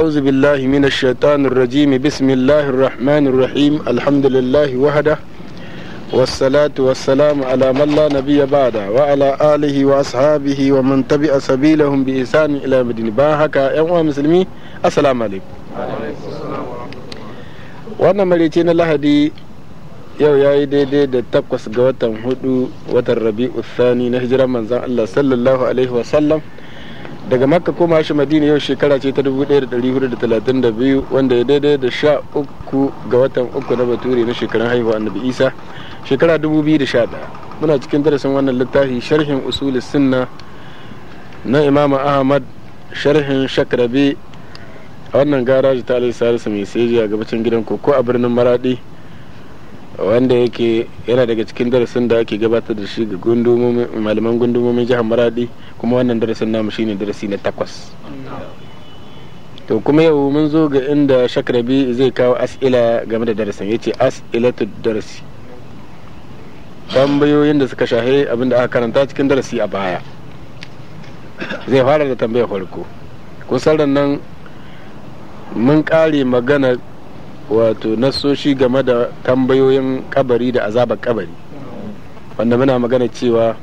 أعوذ بالله من الشيطان الرجيم بسم الله الرحمن الرحيم الحمد لله وحده والصلاة والسلام على من لا نبي بعده وعلى آله وأصحابه ومن تبع سبيلهم بإحسان إلى مدينة باهكا يا مسلمي السلام عليكم wannan marici na lahadi yau ya yi daidai da takwas ga watan hudu watan rabi'u thani na hijirar manzan allah sallallahu alaihi wasallam daga Maka koma shi madina yau shekara ce ta 1432 wanda ya daidai da sha uku ga watan uku na bature na shekarun haihuwa annabi isa shekara 2011 muna cikin darasin wannan littafi sharhin usulis sunna na imama ahmad sharhin shakrabe a wannan garaji ta alisa mai sai a gabacin gidan koko a birnin maradi wanda yake yana daga cikin darasin da ake gabatar da shi ga malaman gundumomin jihar maradi kuma wannan darasin namu shine darasi na takwas to kuma yau mun zo ga inda shakarabi zai kawo as'ila game da darasin ya ce as'ilatu darasi tambayoyin da suka shahe abinda aka karanta cikin darasi a baya zai fara da tambayar farko kusan nan mun kare magana wato nasoshi game da tambayoyin kabari da azabar kabari wanda muna magana cewa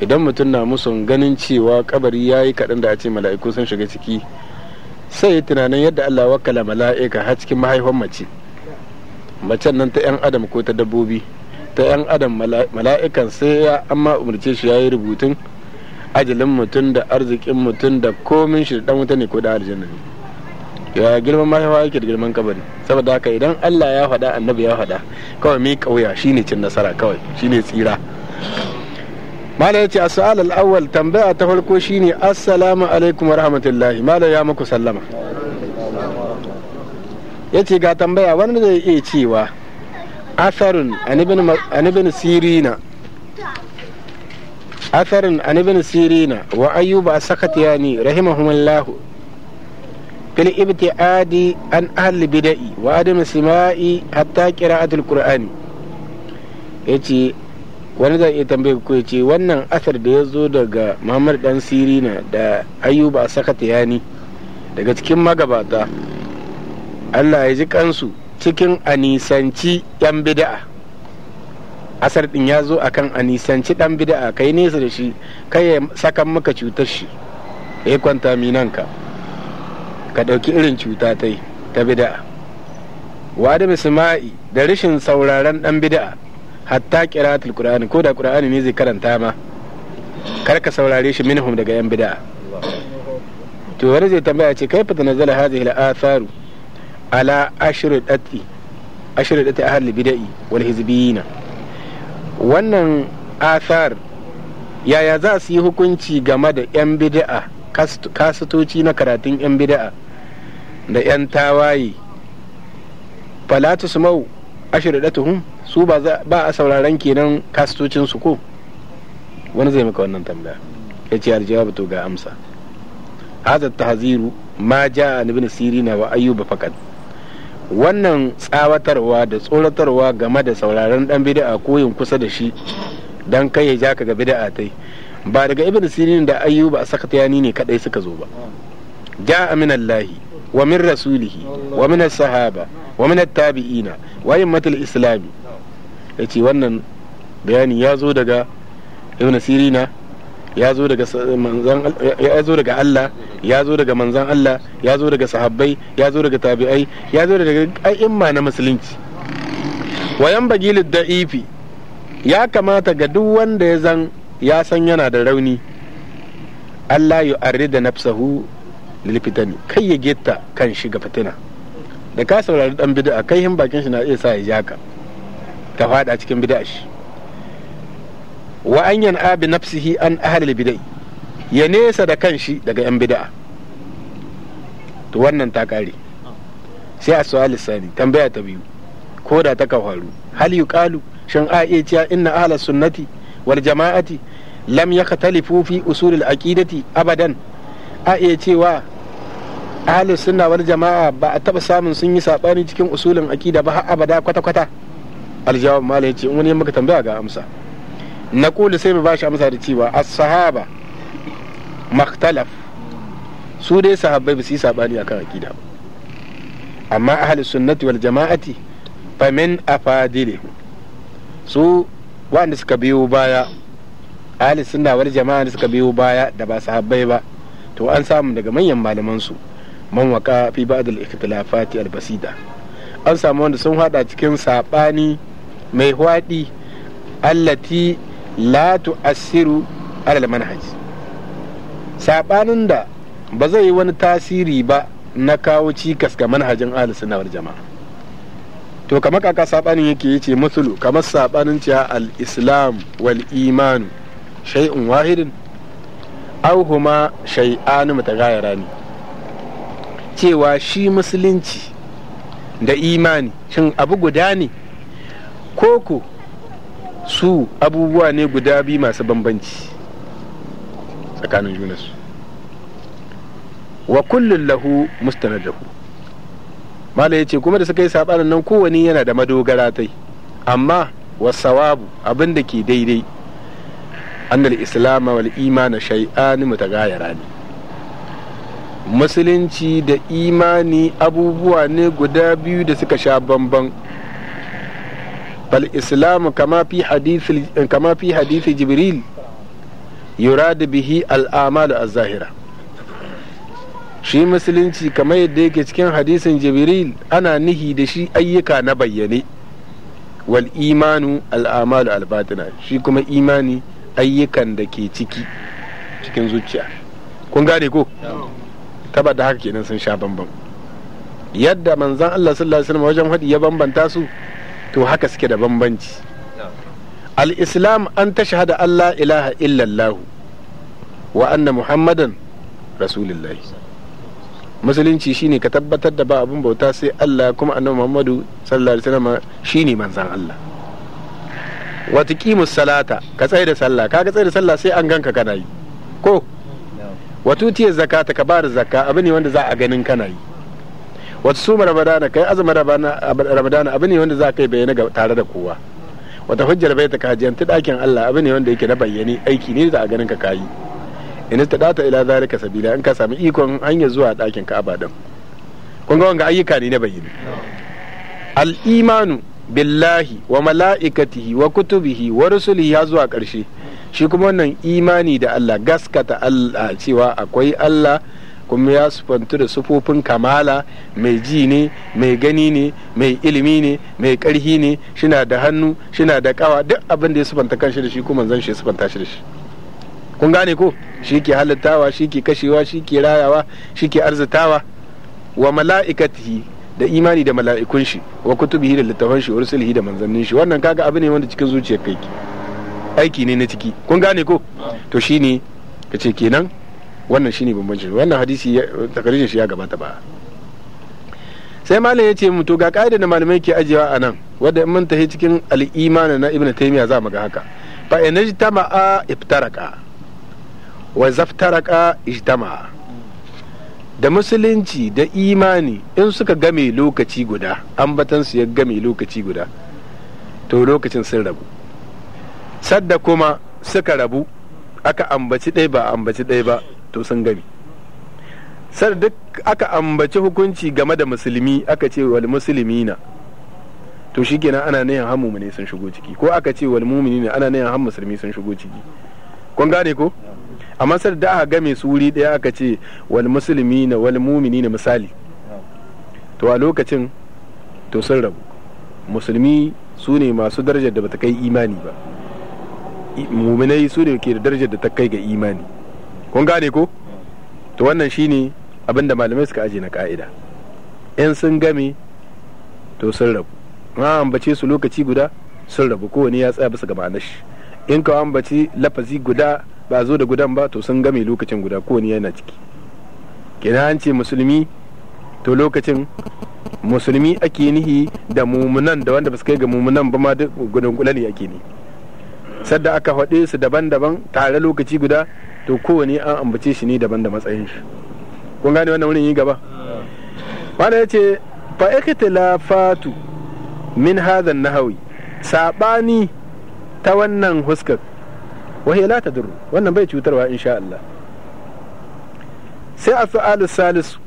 idan mutum na musun ganin cewa kabari ya yi kaɗan da a ce mala'iku sun shiga ciki sai ya tunanin yadda Allah wakala mala'ika har cikin mahaifan mace macen nan ta 'yan adam ko ta dabbobi ta 'yan adam mala'ikan sai ya amma umarce shi ya yi rubutun ajalin mutum da arzikin mutum da komin shi da dan wuta ne ko da aljanna ya girman mahaifa yake da girman kabari saboda haka idan Allah ya faɗa annabi ya faɗa kawai mi kauya shine cin nasara kawai shine tsira malam ya ce a su'al al'awwal tambaya ta farko shine assalamu alaikum wa rahmatullahi malam ya muku sallama ya ce ga tambaya wanda zai iya cewa atharun an ibn sirina atharun an ibn sirina wa ayyuba sakatiyani rahimahumullahu fil ibtiadi an ahli bida'i wa adam sima'i hatta qira'atul yace wani zai iya tambaye ku yace wannan asar da ya zo daga Muhammad dan Sirina da a Ayyuba yani daga cikin magabata Allah ya ji kansu cikin anisanci yan bida'a asar din ya zo akan anisanci dan bida'a kai nesa da shi kai ya sakan maka cutar shi ya kwanta minanka ka ɗauki irin cuta ta yi ta bida'a wa da misma'i da rashin sauraron ɗan bida'a hatta kira qur'ani ko da kur'ani ne zai karanta ma kar ka saurare shi minhum daga yan bida'a to wani zai tambaya ce kai fata nazala hazi hila atharu ala ashrati ashrati ahli bida'i wal hizbiyina wannan athar yaya za su yi hukunci game da yan bida'a kasitoci na karatun yan bida'a da 'yan tawaye falatu su mau ashiridatuhum su ba a sauraron kenan kastocinsu ko wani zai maka wannan tambaya ya ce aljawabu to ga amsa ta tahziru ma jaa ibn sirina wa ayyuba faqat wannan tsawatarwa da tsoratarwa game da sauraron dan bid'a ko kusa da shi dan kai ya ja ka ga bid'a tai ba daga ibn sirin da ayyuba sakatayani ne kadai suka zo ba ja'a min allahi wa min rasulihi wa min sahaba wa min tabi'ina wa immatul islami yace wannan bayani ya zo daga ibn sirina ya zo daga manzan ya daga Allah ya zo daga manzan Allah ya zo daga sahabbai ya zo daga tabi'ai ya zo daga a'imma na musulunci wa yanbaghi lid-da'ifi ya kamata ga duk wanda ya zan ya san yana da rauni Allah ya arri da nafsahu lilfitani kai ya geta kan shi ga fitina da ka saurari dan bid'a kai hin bakin shi na iya sa ya ja ka ka fada cikin bid'a shi wa an yan abi nafsihi an ahli bida'i ya nesa da kan shi daga yan bid'a to wannan ta kare sai a su'ali sani tambaya ta biyu ko da ta ka faru hal yuqalu shin a iya cewa inna ahla sunnati wal jama'ati lam yakhtalifu fi usulil aqidati abadan a iya cewa ahli sunna wal jama'a ba a taba samun sun yi sabani cikin usulin akida ba har abada kwata kwata aljawab malai ce wani muka tambaya ga amsa na kulu sai mu bashi amsa da cewa as-sahaba makhtalaf su dai sahabbai ba su yi sabani akan akida ba amma ahli sunnati wal jama'ati famin afadili su wanda suka biyo baya ahli sunna wal jama'a da suka biyo baya da ba sahabbai ba to an samu daga manyan malaman su man waka fi ba'd ikhtilafati albasida an samu wanda sun hada cikin sabani mai hwadi allati la tu'assiru alal manhaj sabanin da ba zai yi wani tasiri ba na kawo cikas ga manhajin ahlus sunna wal jama'a to kamar kaka sabanin yake yace musulu kamar sabanin cewa al-islam wal iman shay'un wahidin aw huma shay'an mutaghayyirani cewa shi musulunci da imani shin abu guda ne koko su abubuwa ne guda biyu masu bambanci tsakanin su wa kullun lahu mustanadahu mala yace kuma da suka yi sabanin nan kowane yana da madogara tai amma wasawabu abin da ke daidai annal islama wal imana shay'ani mutagayara ne musulunci da imani abubuwa ne guda biyu da suka sha bamban bal islamu في حديث كما Jibril حديث bihi يراد a zahira shi musulunci kamar yadda yake cikin hadisin jibril ana nihi da shi ayyuka na bayyane wal imanu al'amalu albatina shi kuma imani ayyukan da ke ciki cikin zuciya kun gane ko taba da haka kenan sun sha bambam yadda manzan Allah sallallahu alaihi wasallam wajen hadi ya bambanta su to haka suke da bambanci al-islam an tashhada Allah ilaha illallah wa anna muhammadan rasulullahi musulunci shine ka tabbatar da ba abun bauta sai Allah kuma annabi muhammadu sallallahu alaihi wasallam shine manzan Allah wa tuqimus salata ka tsaya da sallah ka ga tsaye da sallah sai an ganka kana yi ko wato zaka ta ka bada zakka abu ne wanda za a ganin kana yi wata suma ramadana kai azumin ramadana abu ne wanda za ka yi bayyana tare da kowa wata hujjar bai ta kajiyan ta dakin Allah abu ne wanda yake na bayyane aiki ne za a ganin ka kayi in ta data ila zalika sabila in ka sami ikon hanyar zuwa dakin ka abadan kun ga wanga ayyuka ne na bayyane al imanu billahi wa mala'ikatihi wa kutubihi wa rusulihi ya zuwa ƙarshe shi kuma wannan imani da Allah gaskata Allah cewa akwai Allah kuma ya sufantu da sufofin kamala mai ji ne mai gani ne mai ilimi ne mai karhi ne shina da hannu shina da kawa duk abin da ya sufanta kanshi da shi kuma zan shi sufanta shi da shi kun gane ko shi ke halittawa shi ke kashewa shi ke rayawa shi ke arzitawa wa mala'ikatihi da imani da mala'ikun shi wa kutubihi da littafan shi wa rusulihi da manzannin shi wannan kaga abu ne wanda cikin zuciyar kai aiki ne na ciki kun gane ko to shi ne ka ce kenan wannan shi ne bambancin wannan hadisi takarijin shi ya gabata ba sai malam ya ce mutu to ga ka'ida da malamai ke ajiyewa a nan wadda in mun cikin al'imana na ibnu taimiya za mu ga haka fa in ijtama'a iftaraka wa zaftaraka ijtama'a da musulunci da imani in suka game lokaci guda ambatan su ya game lokaci guda to lokacin sun rabu sadda kuma suka rabu aka ambaci ɗaya ba ambaci ɗaya ba to sun gami sar duk aka ambaci hukunci game da musulmi aka ce wal musulmina to shikenan ana nayan han ne sun shigo ciki ko aka ce wal mumini ana nayan han musulmi sun shigo ciki kun gane ko amma sar da aka game su wuri ɗaya aka ce wal musulmina wal muminina misali to a lokacin to sun rabu musulmi su ne masu darajar da bata kai imani ba muminai su ne ke da darajar da ta kai ga imani kun gane ko to wannan shine abinda malamai suka aje na ka'ida yan sun game to sun rabu ma ambace su lokaci guda sun rabu kowane ya tsaya bisa ga ma'anar shi in kawo ambaci lafazi guda ba zo da gudan ba to sun game lokacin guda kowane yana ciki kina an ce musulmi to lokacin musulmi ake nihi da mumunan da wanda ba su kai ga mumunan ba ma duk gudun kulali ake nihi sadda aka faɗe su daban-daban tare lokaci guda to kowane an ambace shi ne daban da matsayin shi kun gane wannan wurin yi gaba wanda ya ce la fatu min hadha nahawi sabani ta wannan huskar wahi la duru wannan bai cutarwa insha Allah sai a su'alu salisu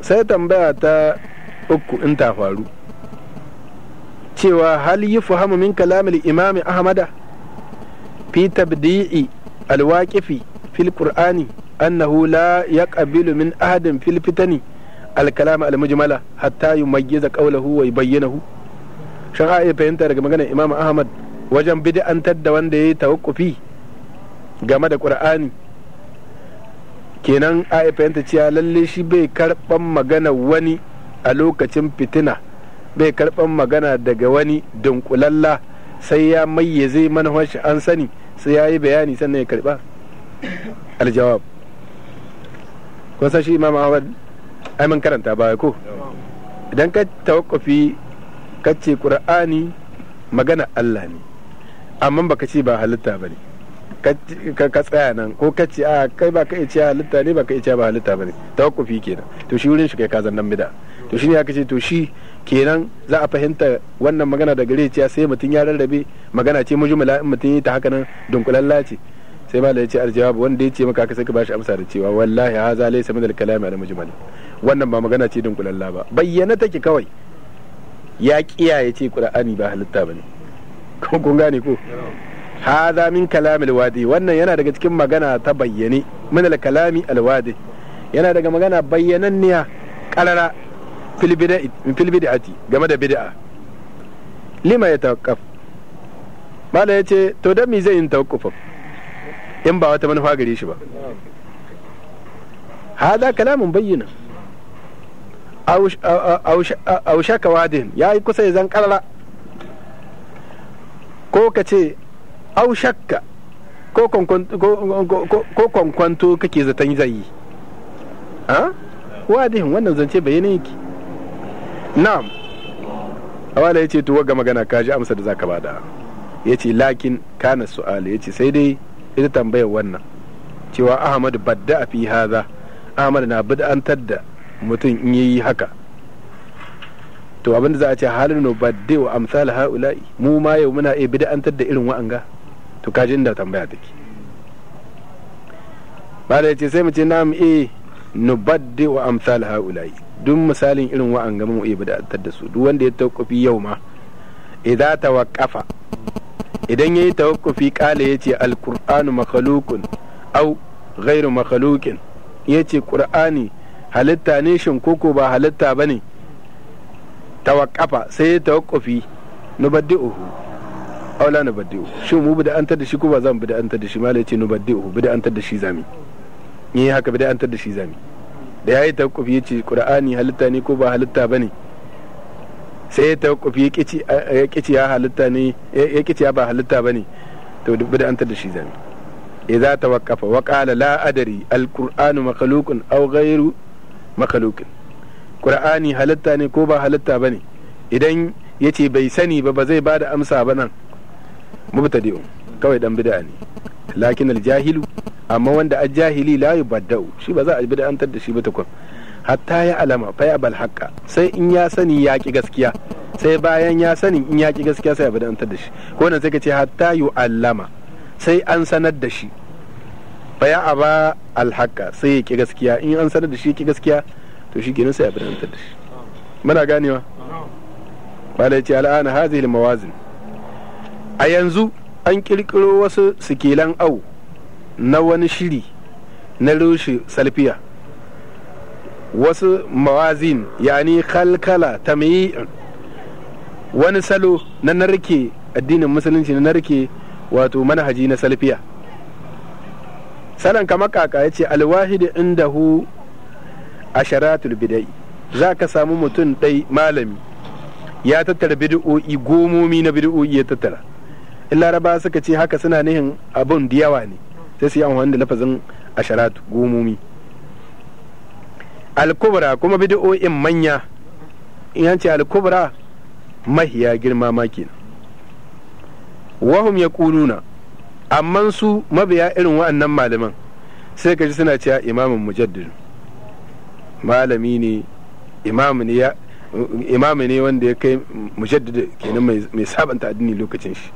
sai tambaya ta uku in ta faru cewa hal yi fuhamu min kalamil imami ahmada fi tabdi'i alwaqifi fil qur'ani annahu la yaqbilu min ahadin fil fitani alkalama almujmala hatta yumayyiza qawlahu wa yubayyinahu shin a iya fahimta daga maganar imam ahmad wajen bid'antar da wanda ya yi tawakkufi game da qur'ani kenan a iya fahimta cewa lalle shi bai karban magana wani a lokacin fitina bai karban magana daga wani dunkulalla sai ya mayyaze manufar shi an sani sai ya yi bayani sannan ya karba aljawab kun san shi imam ahmad ai mun karanta baya ko idan ka tawakkufi ka ce qur'ani magana Allah ne amma baka ce ba halitta bane ka tsaya nan ko ka ce a kai ba ka iya cewa halitta ne ba ka iya cewa ba halitta bane tawakkufi kenan to shi wurin shi kai ka zannan bida to shi ne aka ce to shi kenan za a fahimta wannan magana da gare ciya sai mutum ya rarrabe magana ce mujum in mutum yi ta haka nan dunkulalla ce sai malai ya ce aljawab wanda ya ce maka ka ka bashi amsa da cewa wallahi haza laysa min al-kalami al-mujmal wannan ba magana ce dunkulalla ba bayyana take kawai ya kiyaye ce qur'ani ba halitta bane ko kun gane ko haza min kalamil wadi wannan yana daga cikin magana ta bayyane min al-kalami al-wadi yana daga magana bayyananniya karara fil ati game da bid'a lima ya tawakkaf mala ya ce to don me zai yin tawakkufin in ba wata manufa gare shi ba hada kalamin bayyana aw shaka wadin ya yi kusa ya zan karara ko ka ce aw shakka ko kwankwanto kake zaton zai yi ah? wadin wannan zance bayanin yake na'am awala ce tuwa ga magana ka ji amsa da za ka bada ce lakin kana su'ali ce sai dai ita tambayar wannan cewa ahmad badda fi haza, ahmad na bid'antar da mutum in yi haka to abinda za a ce halin no badde wa amsal haula'i mu ma yau muna iya bid'antar da irin wa'anga to kaji inda tambaya take bada ce sai mu ce na'am eh nubadde wa amsal haula'i duk misalin irin wa'an gama mu iya bid'antar da su duk wanda ya tawakkufi yau ma idza tawaqqafa idan yayi tawakkufi kala yace alqur'anu makhluqun au ghairu makhluqin yace qur'ani halitta ne shin koko ba halitta bane tawakkafa sai ya tawakkufi nubaddi'uhu aw la baddi'u shi mu bid'antar da shi ko ba zan bid'antar da shi malai nubaddi'uhu nu baddi'u bid'antar da shi zami yi haka bid'antar da shi zami da ya yi tawakkufi ya ce qur'ani halitta ne ko ba halitta ba ne sai ya tawakkufi ya kici ya halitta ne ya kici ya ba halitta ba ne to duk da an da shi zami ta tawaqqafa wa qala la adari alqur'anu makalukun au gairu makalukun qur'ani halitta ne ko ba halitta ba ne idan ya ce bai sani ba ba zai ba da amsa ba nan mubtadi'un kawai dan bid'a ne lakin aljahilu amma wanda ajahili la yubadda'u shi ba za a bid'antar da shi ba takwas hatta ya alama fa ya bal haqqa sai in ya sani ya ki gaskiya sai bayan ya sani in ya ki gaskiya sai ya bid'antar da shi ko nan sai ka ce hatta yu alama sai an sanar da shi fa ya aba al haqqa sai ya ki gaskiya in an sanar da shi ya ki gaskiya to shi kenan sai ya bid'antar da shi muna ganewa malai ce al'ana hazihi al mawazin a yanzu an kirkiro wasu sikilan au na wani shiri na rushe salfiya wasu mawazin yani kalkala ta wani salo na narke addinin musulunci na narke wato manhaji na salfiya salon kama kaka ya ce alwahidi inda hu asharatul bidai za ka samu mutum ɗai malami ya tattara bidu'o'i gomomi na bidu'o'i ya tattara in laraba suka ce haka suna nihin abun da yawa ne sai su yi amfani da lafazin asharat gumumi alkubra kuma bid'o'in manya in an alkubra mahiya girma ma wahum ya kununa amma su mabiya irin wa'annan malaman sai ka ji suna cewa imamin mujaddid malami ne imamu ne wanda ya kai mujaddid kenan mai sabanta addini lokacin shi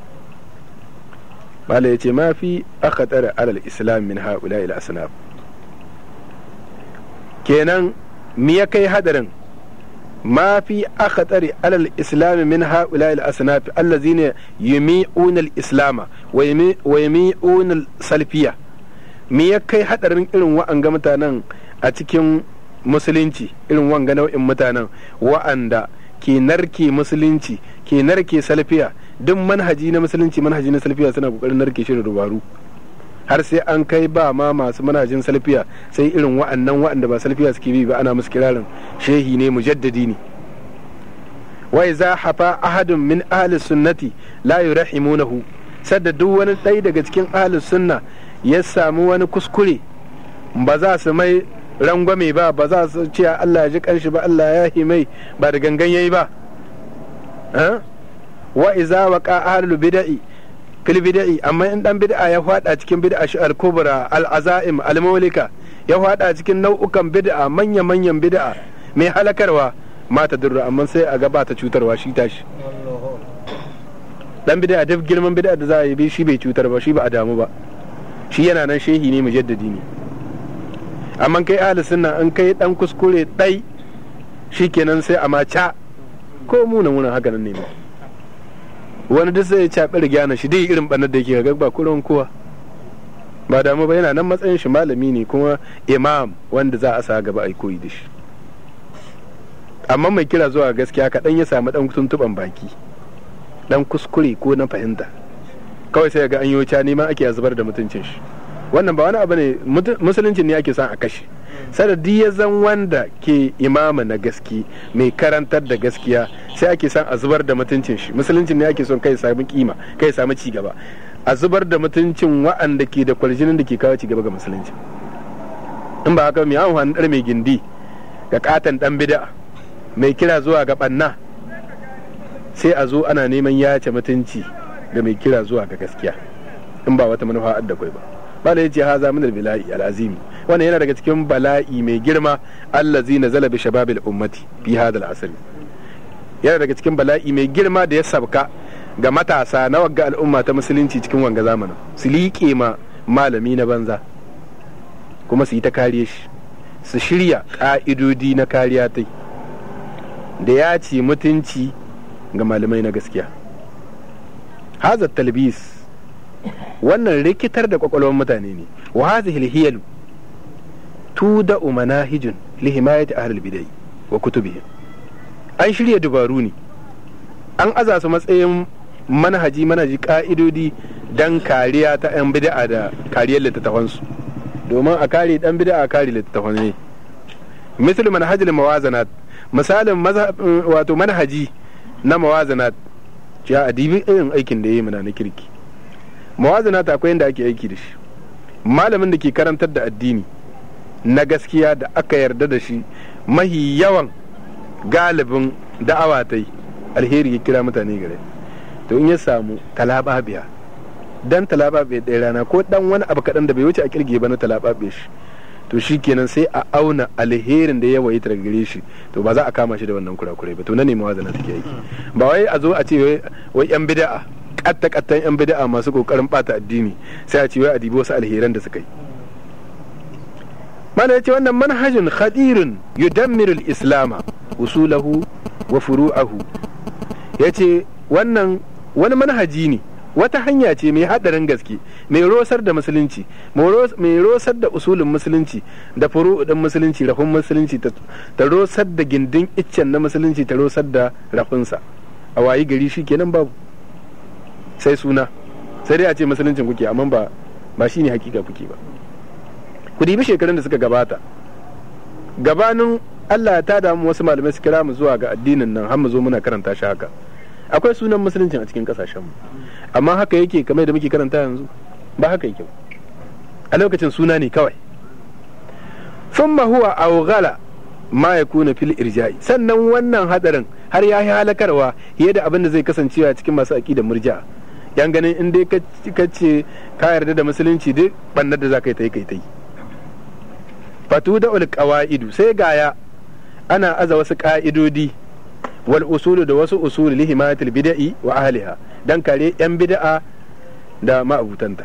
mala ya ce ma fi aka tsara alal islam min haula ila asnaf kenan me ya kai hadarin ma fi aka tsari alal islam min haula ila zina allazina mi unal islama wa yumi'una al-salfiya me ya kai hadarin irin wa'anga mutanen a cikin musulunci irin wanga nau'in mutanen wa'anda ke narke musulunci ke narke salfiya duk manhaji na musulunci manhaji na salfiya suna kokarin narke shi da dubaru har sai an kai ba ma masu manhajin salfiya sai irin wa'annan wa'anda ba salfiya suke bi ba ana musu kirarin shehi ne mujaddadi ne wa iza hafa ahadun min ahli sunnati la yurahimunahu sadda duk wani ɗaya daga cikin ahli sunna ya samu wani kuskure ba za su mai rangwame ba ba za su ce Allah ya ji kanshi ba Allah ya himai ba da gangan yayi ba wa iza waqa ahlul bid'i fil bid'i amma in dan bid'a ya fada cikin bid'a shi al-kubra al-azaim al-mawlika ya fada cikin nau'ukan bid'a manya manyan bid'a mai halakarwa mata durra amma sai a gaba ta cutarwa shi tashi dan bid'a duk girman bid'a da za a yi bi shi bai cutar ba shi ba a damu ba shi yana nan shehi ne mujaddadi ne amma kai ahli sunna an kai dan kuskure dai shikenan sai a ma ca ko mu na haka nan ne ba wani duk sai ya caɓi rigya shi dai irin ɓannar da yake ga ba kurin kowa ba damu ba yana nan matsayin shi malami ne kuma imam wanda za a sa gaba a koyi da shi amma mai kira zuwa gaskiya kaɗan ya samu ɗan tuntuɓan baki ɗan kuskure ko na fahimta kawai sai ga an yi wuce neman ake zubar da mutuncin shi wannan ba wani abu ne musuluncin ne ake son a kashe di ya zan wanda ke imama na gaske mai karantar da gaskiya sai ake son a zubar da mutuncin shi musuluncin ne ake son kai samu kima kai samu ci gaba a zubar da mutuncin wa'anda ke da kwaljinin da ke kawo ci gaba ga musulunci in ba haka mai amfani dar mai gindi ga katon dan bida mai kira zuwa ga banna sai a zo ana neman yace mutunci ga mai kira zuwa ga gaskiya in ba wata manufa da kai ba bala yace haza min al-bila'i al-azimi wannan yana daga cikin bala'i mai girma allazi zala bi shababil ummati fi hadal asri yana daga cikin bala'i mai girma da ya sabka ga matasa na wagga al'umma ta musulunci cikin wanga zamanin su liƙe ma malami na banza kuma su yi ta kariye shi su shirya ƙa'idodi na kariya tai da ya ci mutunci ga malamai na gaskiya haza talbis wannan rikitar da kwakwalwar mutane ne wa hazihi hiyalu tuda manahijun li himayati ahlul bidai wa kutubihim an shirya dubaru ne an aza su matsayin manhaji manhaji ka'idodi dan kariya ta yan bid'a da kariyar littattafansu domin a kare dan bid'a a kare littattafan ne misal manhajul mawazanat misalin wato manhaji na mawazanat ya adibi irin aikin da yayi muna na kirki mawazanat akwai yanda ake aiki da shi malamin da ke karantar da addini na gaskiya da aka yarda da shi mahi yawan galibin da'awa ta yi alheri ya kira mutane gare to in ya samu talababiya dan talababiya ɗaya rana ko dan wani abu kaɗan da bai wuce a kirge ba na talababiya shi to shi kenan sai a auna alherin da ya wayi ta gare shi to ba za a kama shi da wannan kurakurai ba to na nema wazana take aiki ba wai a zo a ce wai yan bid'a katta kattan yan bida'a masu kokarin bata addini sai a ce wai a dibi wasu alheran da suka yi mana yace wannan manhajin khadirin yudammir al-islama usulahu wa furu'ahu yace wannan wani manhaji ne wata hanya ce mai hadarin gaske mai rosar da musulunci mai rosar da usulin musulunci da furu'udin musulunci rafin musulunci ta rosar da gindin iccen na musulunci ta rosar da rafinsa a wayi gari shi kenan babu sai suna sai dai a ce musuluncin kuke amma ba ba shine hakika kuke ba ku dibi shekarun da suka gabata gabanin Allah ya tada mu wasu malamai su kira mu zuwa ga addinin nan har mu zo muna karanta shi haka akwai sunan musulunci a cikin kasashen mu amma haka yake kamar da muke karanta yanzu ba haka yake a lokacin suna ne kawai thumma huwa awghala ma yakuna fil irja'i sannan wannan hadarin har ya halakarwa ya da abin da zai kasancewa cikin masu aqidar murja'a yan ganin in dai ka ce ka yarda da musulunci duk bannar da za ka yi ta kai ta yi fatu da ulƙawa'idu sai gaya ana aza wasu ƙa'idodi wal usulu da wasu usulu li himayatil bida'i wa ahliha dan kare yan bida'a da ma'abutanta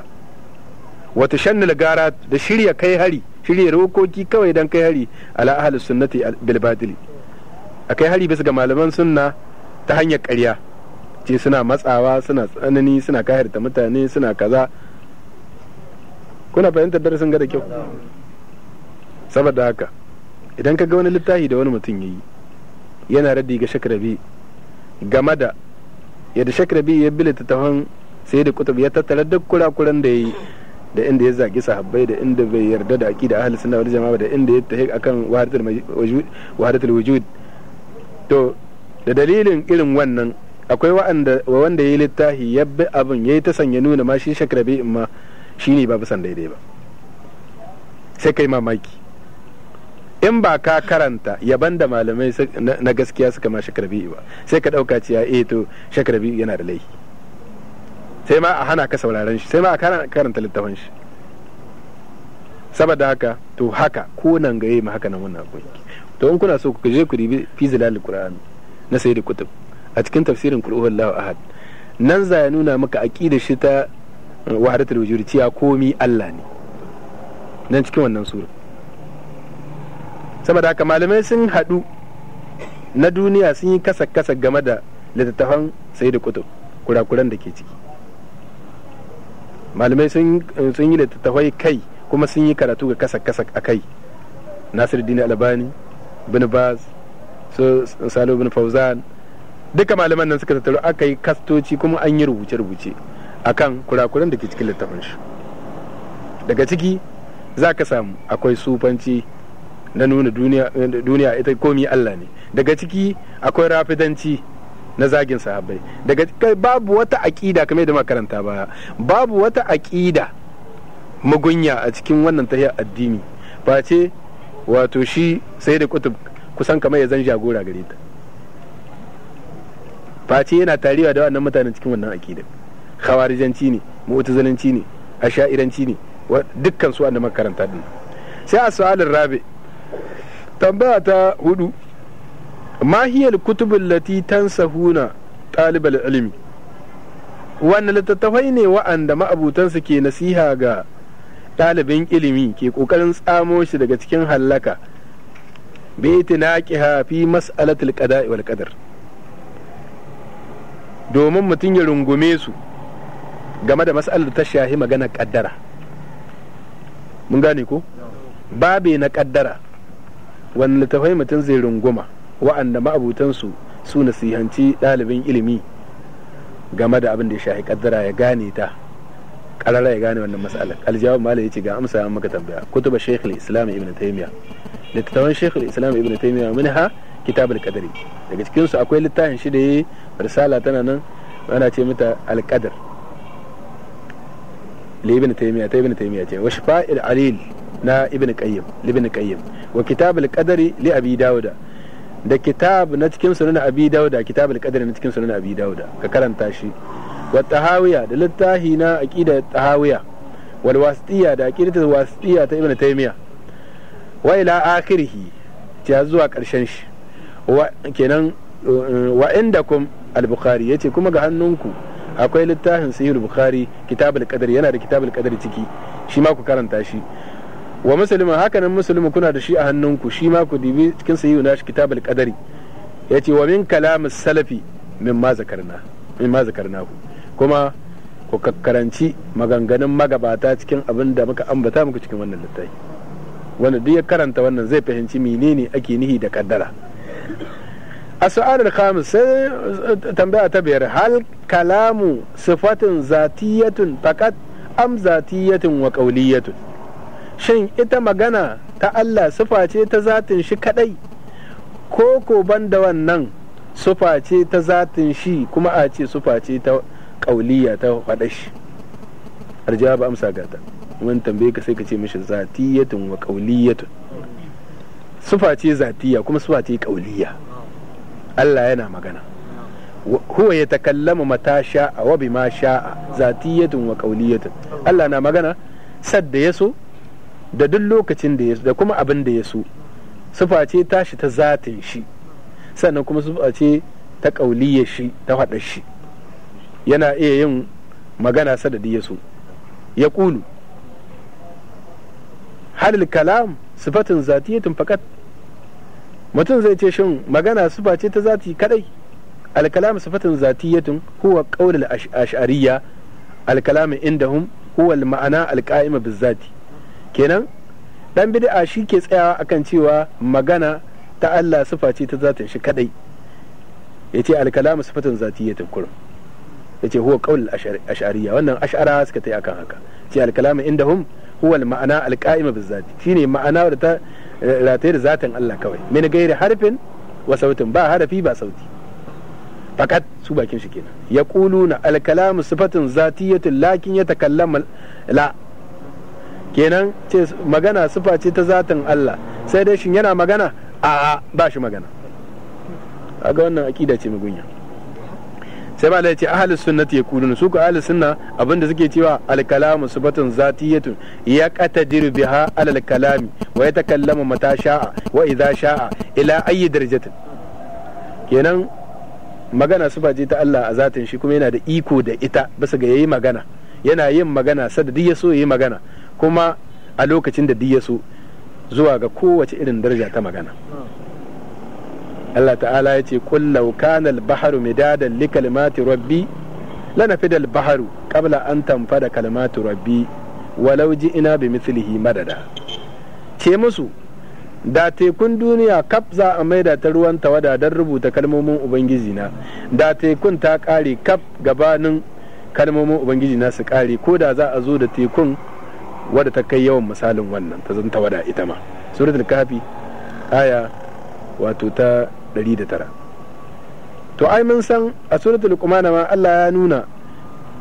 wata shanna gara da shirya kai hari shirya rokoki kawai dan kai hari ala ahli sunnati bil batili a kai hari bisa ga malaman sunna ta hanyar ƙarya ce suna matsawa suna tsanani suna kahirta mutane suna kaza kuna fahimtar darasin ga da kyau saboda haka idan ka ga wani littafi da wani mutum ya yi yana raddi ga shakarabi game da yadda shakarabi ya bi littattafan sai da kutub ya tattara duk kurakuran da ya yi da inda ya zaki sahabbai da inda bai yarda da aƙida ahli sunna wal jama'a da inda ya tahi akan wahdatul wujud to da dalilin irin wannan akwai wa'anda wa wanda yi littafi ya bi abin ya yi ta sanya nuna ma shi shakarabi in ma shi ne ba san daidai ba sai kai mamaki in ba ka karanta yaban da malamai na gaskiya suka ma biyu ba sai ka ɗauka cewa eh to biyu yana da laifi sai ma a hana ka sauraron shi sai ma a karanta littafin shi saboda haka to haka ko nan ga yi ma haka nan wannan akwai to in kuna so ku je ku ribi fi zilalul qur'an na sayyid kutub a cikin tafsirin qul huwallahu ahad nan za ya nuna maka aqida shi ta eh, wahdatul wujud ciya komi Allah ne nan cikin wannan sura saboda haka malamai sun haɗu na duniya sun yi kasa kasa game da littattafan sai da kutub kurakuran da ke ciki malamai sun yi littattafai kai kuma sun yi karatu ga kasa kasa a kai nasir dini albani bin baz so salo bin fauzan duka malaman nan suka tattaro aka yi kastoci kuma an yi rubuce-rubuce akan kurakuran da ke cikin littafin shi daga ciki za ka samu akwai sufanci na nuna duniya ita komi Allah ne daga ciki akwai rafidanci na zagin sahabbai daga ciki babu wata aƙida kamar da makaranta baya babu wata aƙida magunya a cikin wannan tahiyar addini face wato shi sai da kutub kusan kamar ya zan jagora gare ta face yana tarewa da wannan mutanen cikin wannan aƙida khawarijanci ne mu'tazilanci ne asha'iranci ne dukkan su wanda makaranta din sai a su'alin rabi' tambaya ta hudu mahiyar kutubin lati sahuna ɗalibar ilimi wanda littattafai ne wa'anda ma'abutansa ke nasiha ga ɗalibin ilimi ke ƙoƙarin tsamo shi daga cikin hallaka na tinaqiha fi mas'alatul qada'i wal qadar domin mutum ya rungume su game da mas'alar ta shahi magana ƙaddara mun gane ko babe na ƙaddara. wani littafai mutum zai runguma wa'anda ma'abutansu su nasihanci ɗalibin ilimi game da abin da ya shahi kaddara ya gane ta ƙarara ya gane wannan matsala aljawab mala ya ce ga amsa an maka tambaya kutuba shekul islam ibn taymiya littattafan shekul islam ibn taymiya minha kitab al kadari daga cikinsu akwai littafin shi da yayi risala tana nan ana ce mata al li ibn taymiya ta ibn taymiya ce wa alil na ibn qayyim ibn qayyim wa kitab al-qadari li abi dauda da kitab na cikin sunan abi dauda kitab al-qadari na cikin sunan abi dauda ka karanta shi wa tahawiya da littahi na aqida tahawiya wal wasitiya da aqidatul wasitiya ta ibn taymiya wa ila akhirih ya zuwa karshen shi wa kenan wa indakum al-bukhari yace kuma ga hannunku akwai littafin sahih al-bukhari kitab al-qadari yana da kitab al-qadari ciki shi ma ku karanta shi wa musulmin hakanan musulmin kuna da shi a ku shi ma ku dibi cikin sahihu na kitab al-qadari yace wa min kalamus salafi ma zakarna zakarna ku kuma ku kakkaranci maganganun magabata cikin abin da muka ambata muku cikin wannan littafi wanda duk ya karanta wannan zai fahimci menene ake nihi da kaddara eh, tambaya ta تنبيه hal kalamu كلام zatiyatun ذاتية am zatiyatun wa وقولية shin ita magana ta Allah sufa ce ta zatin shi kadai ko ko da wannan sufa ce ta zatin shi kuma a ce sufa ce ta kauliya ta faɗa har arjawa ba amsa gata wani tambaye ka sai ka ce mishi zatiyatun wa kauliyatun sufa ce zatiya kuma sufa ce kauliya Allah yana magana huwa ya takallama mata sha'a wa ma sha'a zatiyatun wa kauliyatun Allah na magana sadda ya so da duk lokacin da da kuma abin da ya so sufa ce tashi ta zatin shi sannan kuma sufa ce ta ƙauliya shi ta faɗa shi yana iya yin magana sadadi ya so ya kulu halil kalam sifatin zatiyatin fakat mutum zai ce shin magana sufa ce ta zati kadai alkalam sifatin zatiyatin huwa qaulul ash'ariyya alkalam indahum huwa al-ma'ana al-qa'ima bizati kenan dan bid'a shi ke tsayawa akan cewa magana ta Allah su ce ta zatin shi kadai yace alkalamu sifatun zatiyyatin kurum yace huwa qaul ashariya wannan ash'ara suka yi akan haka ce alkalamu indahum huwa ma'ana zati shi shine ma'ana da ta eh, rataye da zatin Allah kawai min gairi harfin wa sautin ba harafi ba sauti fakat su bakin shi kenan ya yaquluna alkalamu sifatun zatiyyatin lakin yatakallamu la kenan ce magana sufa ce ta zatin Allah sai dai shin yana magana a ba shi magana a ga wannan akida ce mai gunya. sai ba ce ahli sunnati yaqulun su ko ahli sunna abinda suke cewa al kalamu sifatun zatiyatun ya qatadir biha al kalami wa yatakallamu mata sha'a wa idza sha'a ila ayi darajatin kenan magana sifa ce ta Allah a zatin shi kuma yana da iko da ita bisa ga yayi magana yana yin magana sadda duk ya so yayi magana kuma a lokacin da diya su zuwa ga kowace irin daraja ta magana Allah ta'ala ya ce kullau kana al-baharu midadan li kalimati rabbi lanafida al-baharu kabla an tanfada kalimatu rabbi walau ina bi mithlihi madada ce musu da tekun duniya kaf za a maida ta ruwan tawada don rubuta kalmomin ubangiji na da tekun ta kare kaf gabanin kalmomin ubangiji na su kare ko da za a zo da tekun wadda ta kai yawan misalin wannan ta zanta wada ita ma suratul kafi aya wato ta 109 to ai mun san a suratul qumana ma Allah ya nuna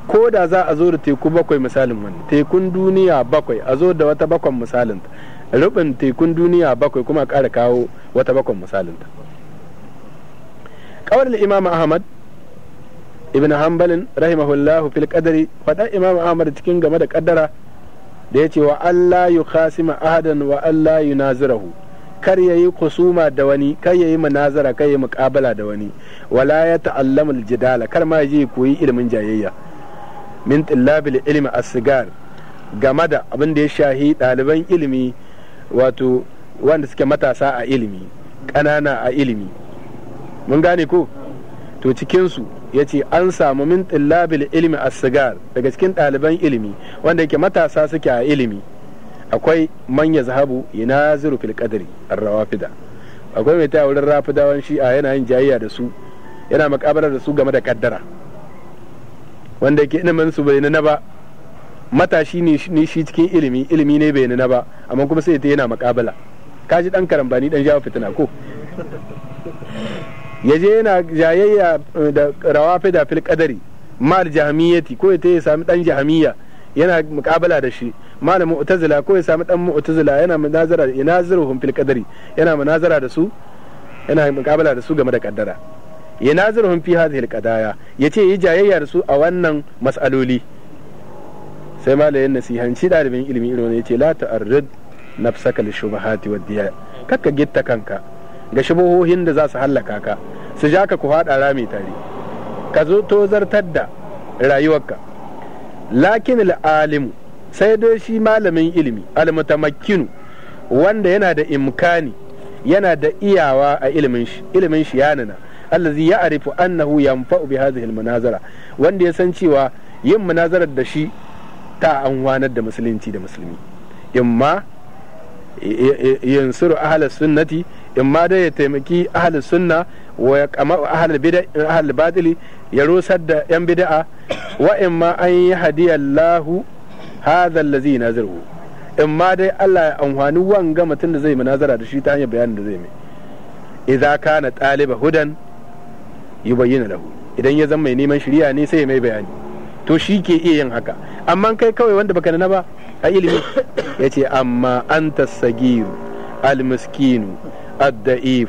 ko da za a zo da teku bakwai misalin wannan tekun duniya bakwai a zo da wata bakwan misalin rubin tekun duniya bakwai kuma a ƙara kawo wata bakwan misalin ta kawar imam ahmad ibn hanbalin rahimahullahu fil qadari faɗa imam ahmad cikin game da kaddara da ya ce wa Allah yi kasima ahadan wa Allah yi nazirahu kar ya yi kusuma da wani kar ya yi munazara kar ya yi muƙabala da wani wala ya ta'allama jidala kar ma ya koyi ilimin jayayya min tillabil ilimi a sigar game da abin da ya shahi ɗaliban ilimi wato wanda suke matasa a ilimi ƙanana a ilimi mun gane ko to cikinsu ya ce an samu min tillabil ilmi a sigar daga cikin ɗaliban ilimi wanda yake matasa suke a ilimi akwai manya zahabu yunaziru fil qadri ar-rawafida akwai mai ta wurin rafidawan shi'a yana yin jayayya da su yana makabarar da su game da kaddara wanda yake ilimin su bai na ba matashi ne shi cikin ilimi ilimi ne bai na ba amma kuma sai ta yana makabala kaji dan karambani dan jawo fitina ko ya je yana jayayya eh, da rawafi da fil kadari mal jahmiyati ko ya sami dan jahmiya yana mukabala da shi mal mu'tazila ko ya sami dan mu'tazila yana munazara yanaziruhum fil qadari yana munazara da su yana mukabala da su game da kaddara yanaziruhum fi hadhihi al qadaya yace yi jayayya da su a wannan mas'aloli sai malayin nasihanci dalibin ilimi irin yace la ta'arrid nafsaka li shubahati wad diya kakka gitta kanka ga shubuhohin da za su hallaka ka su ja ka ku haɗa rami tare ka zo to zartar da rayuwarka lakin al'alimu sai dai shi malamin ilimi almutamakkinu wanda yana da imkani yana da iyawa a ilimin shi ilimin ya nuna allazi ya arifu annahu yanfa'u bi hadhihi almunazara wanda ya san cewa yin munazarar da shi ta anwanar da musulunci da musulmi imma yansuru ahlus sunnati in ma dai ya taimaki ahal sunna wa ya kama ahalin batili ya rusar da yan bida'a wa in ma an yi hadiyallahu hadha allazi naziru in ma dai Allah ya amfani wanga mutum da zai munazara da shi ta hanyar bayanin da zai mai idza kana taliba hudan yubayyana lahu idan ya zama mai neman shari'a ne sai ya mai bayani to shi ke iya yin haka amma kai kawai wanda baka nana ba a ilimi yace ce amma an tasagiru almiskinu adda'if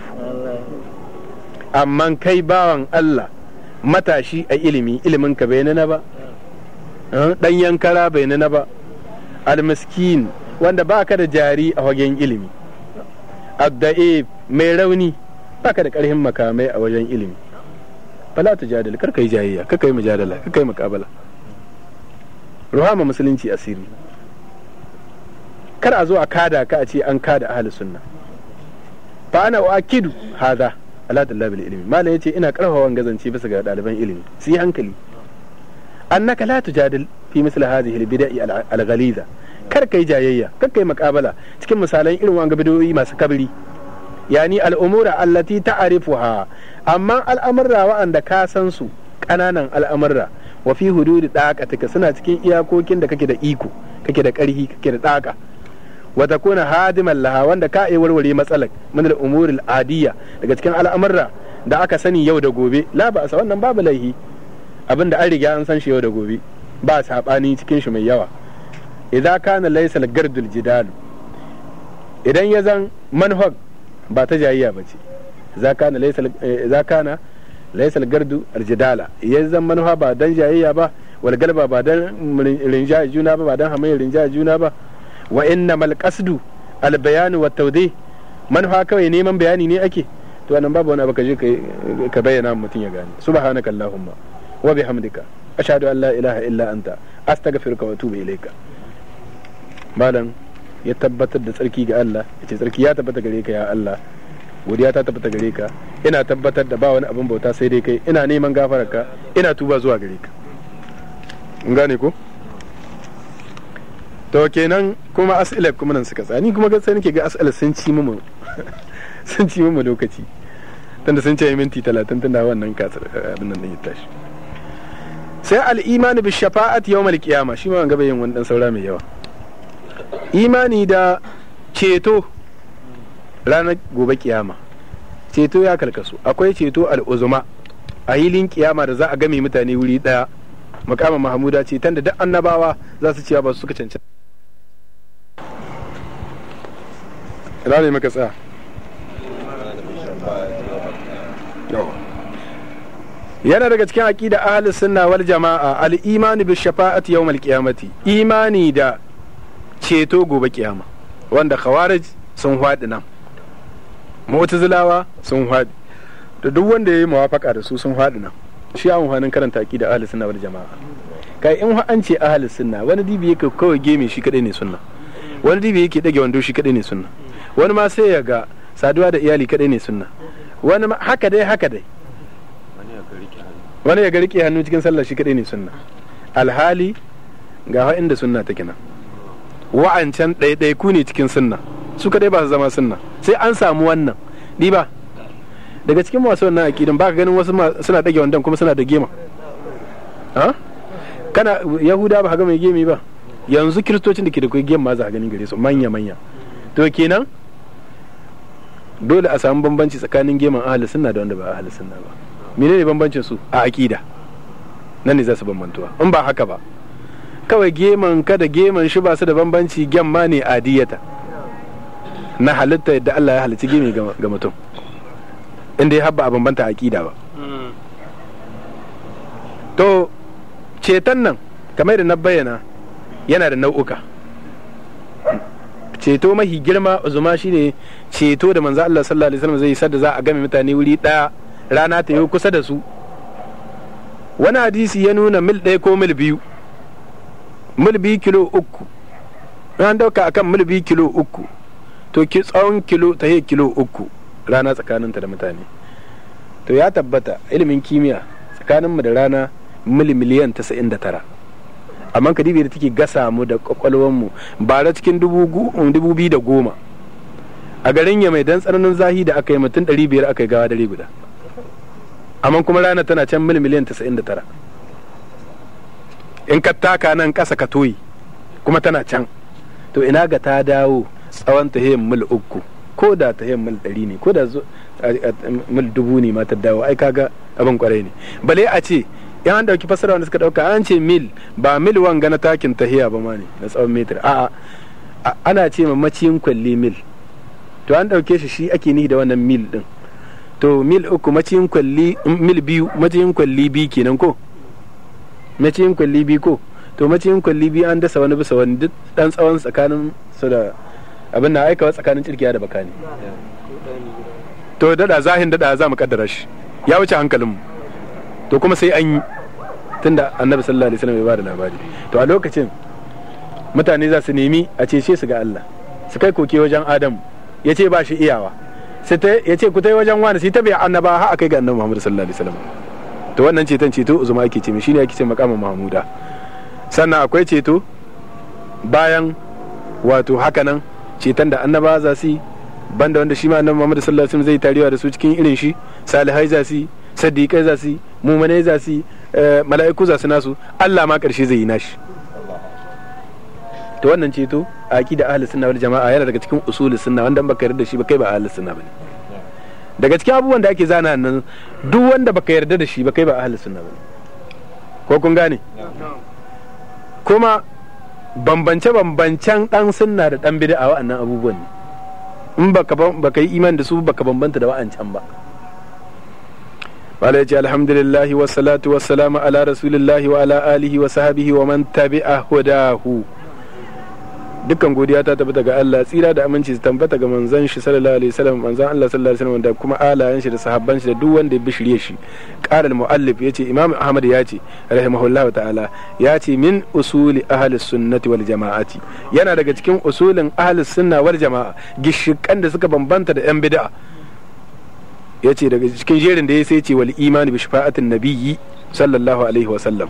amma kai bawan Allah matashi a ilimi ilimin ka bai nuna ba hmm. dan yankara bai nuna ba almiskin wanda baka da jari a wajen ilimi adda'if mai rauni baka da karhin makamai a wajen ilimi fala tujadil kar kai jayayya kar kai mujadala kar kai muqabala ruhama musulunci asiri kar a zo a kada ka a ce an kada ahli sunna fa ana akidu haza, ala bil ilmi malam yace ina karfafa wangazanci bisa ga daliban ilimi su hankali annaka la tujadil fi misl hadhihi al ghaliza kar kai jayayya kar kai makabala cikin misalan irin wanga bidoyi masu kabri yani umura allati ta'rifuha amma al'amurra wa'anda ka san su ƙananan al'amurra wa fi hududi daqatika suna cikin iyakokin da kake da iko kake da karhi kake da daqa wata kuna hadiman laha wanda ka iya warware matsalar min al umuril daga cikin al'amurra da aka sani yau da gobe la ba a wannan babu laihi abinda an riga an san shi yau da gobe ba sabani cikin shi mai yawa idan kana laysa gardul jidalu idan ya zan manhaj ba ta jayayya ba ce za kana laisal gardu aljidala ya zan manhaj ba dan jayayya ba wal galba ba dan rinja juna ba ba dan hamayin rinja juna ba wa inna mal qasdu al bayan wa tawdih manufa kawai neman bayani ne ake to anan babu wani abu ka je ka bayyana mutum ya gane subhanaka allahumma wa bihamdika ashhadu an la ilaha illa anta astaghfiruka wa atubu ilayka malam ya tabbatar da tsarki ga Allah ya ce tsarki ya tabbata gare ka ya Allah godiya ta tabbata gare ka ina tabbatar da ba wani abin bauta sai dai kai ina neman gafararka ina tuba zuwa gare ka in gane ko to kenan kuma as'ila kuma nan suka tsani kuma sai nake ga as'ila sun ci mu sun ci mu lokaci tunda sun ce minti talatin tunda wannan kasar eh, abin nan ya tashi sai al'imani bi shafa'at yawmal qiyama shi ma gaba yin wani saura mai yawa imani da ceto ranar gobe kiyama ceto ya kalkasu akwai ceto al'uzuma a hilin kiyama da za a game mutane wuri daya makamin mahamuda ce tanda duk annabawa za su ciya ba su suka cancanta ila ne muka tsaya yana daga cikin aqida ahlus sunna wal jama'a al imani bi shafa'ati yawm al qiyamati imani da ceto gobe kiyama wanda khawarij sun hwadi nan mu'tazilawa sun hwadi da duk wanda yayi muwafaka da su sun hwadi nan shi an hwanin karanta aqida ahlus sunna wal jama'a kai in an ce ahlus sunna wani dibi yake kawai gemi shi kadai ne sunna wani dibi yake dage wando shi kadai ne sunna wani ma sai ya ga saduwa da iyali kadai ne sunna wani haka dai haka dai wani ya ga rike hannu cikin sallah shi kadai ne sunna alhali ga wa inda sunna take nan wa'ancan ku ne cikin sunna su kadai ba su zama sunna sai an samu wannan ɗi ba daga cikin masu wannan akidin ba ka ganin wasu suna ɗage wandan kuma suna da gema kana yahuda ba ka ga mai gemi ba yanzu kiristocin da ke da kai gem ma za a ganin gare su manya manya to kenan dole a samu bambanci tsakanin geman ahli sunna da wanda ba ahli sunna ba menene bambancin su a akida nan ne za su bambantuwa in ba haka ba kawai geman ka da geman shi ba su da bambanci gemma ne adiyata na halitta yadda Allah ya halicci gemi ga mutum inda ya habba a bambanta akida ba to ceton nan kamar da na bayyana yana da nau'uka ceto mahi girma uzuma shine ceto da manzo Allah sallallahu alaihi wasallam zai sadda za a game mutane wuri daya rana ta yi kusa da su wani hadisi ya nuna mil ɗaya ko mil biyu mil biyu kilo uku an dauka akan mil biyu kilo uku to ki tsawon kilo ta yi kilo uku rana tsakaninta da mutane to ya tabbata ilimin kimiyya tsakaninmu da rana mil miliyan tasa'in da tara amma ka dibi da take gasa mu da kwakwalwar mu da cikin mm, dubu biyu da goma a garin ya mai dan tsananin zahi da aka yi mutum ɗari biyar aka yi gawa dare guda amma kuma rana tana can mil miliyan tasa'in da tara in ka taka nan ƙasa ka toyi kuma tana can to ina ga ta dawo tsawon ta mil uku ko da ta mil ɗari ne ko da mil dubu ne ma ta dawo ai kaga abin kwarai ne bale a ce yan an dauki fasara wanda suka dauka an ce mil ba mil wanga na takin tahiya ba ma ne na tsawon metar a'a ana ce ma maciyin kwalli mil to an dauke shi shi ake nihi da wannan mil din to mil uku maciyin kwalli mil biyu maciyin kwalli bi kenan ko maciyin kwalli bi ko to maciyin kwalli bi an dasa wani bisa wani duk dan tsawon tsakanin su da abin na aikawa tsakanin kirkiya da bakani to dada zahin dada za mu kaddara shi ya wuce hankalinmu to kuma sai an yi tunda annabi sallallahu alaihi wasallam ya bada labari to a lokacin mutane za su nemi a cece su ga Allah su kai koke wajen Adam ya ce ba shi iyawa sai ya ce ku tai wajen wani sai ta bai annaba har akai ga annabi Muhammad sallallahu alaihi wasallam to wannan ceton ceto uzuma yake ce shine yake ce makamin Mahmuda sannan akwai ceto bayan wato hakanan ceton da annaba za su yi banda wanda shi ma annabi Muhammad sallallahu alaihi wasallam zai tarewa da su cikin irin shi salihai za su yi sadiqai za su mumanai za su eh, mala'iku za su nasu Allah ma karshe zai yi nashi to wannan ceto a aqida ahlus sunna wal jama'a yana daga cikin usulus sunna wanda baka yarda da shi ba kai ba ahlus sunna bane daga cikin abubuwan da ake zana nan duk wanda baka yarda da shi ba kai ba ahlus sunna bane ko kun gane kuma bambance bambancen dan sunna da dan bid'a wa'annan abubuwan ne in baka baka yi iman da su baka bambanta da wa'ancan ba wala yace alhamdulillahi wa salamu ala rasulillahi wa ala alihi wa sahbihi wa man tabi'a hudahu dukkan godiya ta tabbata ga Allah tsira da aminci su tambata ga manzon shi sallallahu alaihi wasallam manzon Allah sallallahu alaihi wasallam da kuma alayen shi da sahabban shi da duk wanda ya bi shirye shi qaral muallif yace imam ahmad yace rahimahullahu ta'ala yace min usuli ahli sunnati wal jama'ati yana daga cikin usulin ahli sunna wal jama'a gishikan da suka bambanta da yan bid'a ya ce daga cikin jerin da ya sai ce wal imani bi shafa'atin nabiyyi sallallahu alaihi wa sallam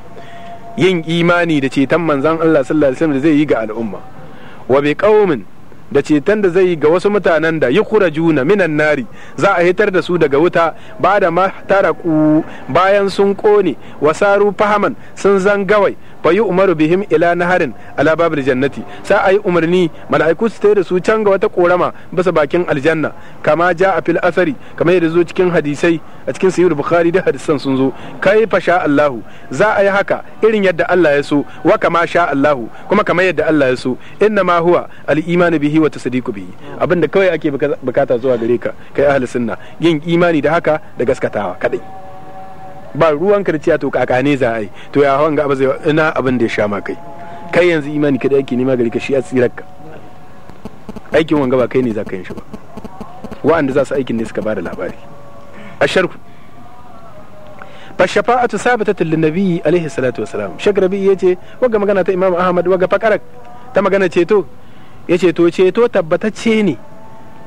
yin imani da cetan manzon Allah sallallahu alaihi da zai yi ga al'umma wa bi qaumin da cetan da zai yi ga wasu mutanen da yukhrajuna minan nari za a hitar da su daga wuta ba da ma bayan sun kone wasaru fahaman sun zangawai fa yi umaru bihim ila naharin ala babil jannati sa a yi umarni mala'iku su tare da su can ga wata korama bisa bakin aljanna kama ja a fil asari kamar yadda zo cikin hadisai a cikin sayyid bukhari da hadisan sun zo kai fa sha allahu za a yi haka irin yadda allah ya so wa kama sha allahu kuma kamar yadda allah ya so inna ma huwa al imani bihi wa tasdiqu bihi abinda kawai ake bukata zuwa gare ka kai ahli sunna yin imani da haka da gaskatawa kadai ba ruwan ka da ciya to ne za a yi to ya hawan ga abu zai ina abin da ya sha ma kai kai yanzu imani kada yake nema gari ka shi a ka aikin wanga ba kai ne za ka yin shi ba wa'anda za su aikin ne suka ba da labari a sharku fashafa'atu sabitatun linnabi alaihi salatu wasalam biyu ya ce waga magana ta imamu ahmad waga fakarak ta magana ceto ya ceto ceto tabbatacce ne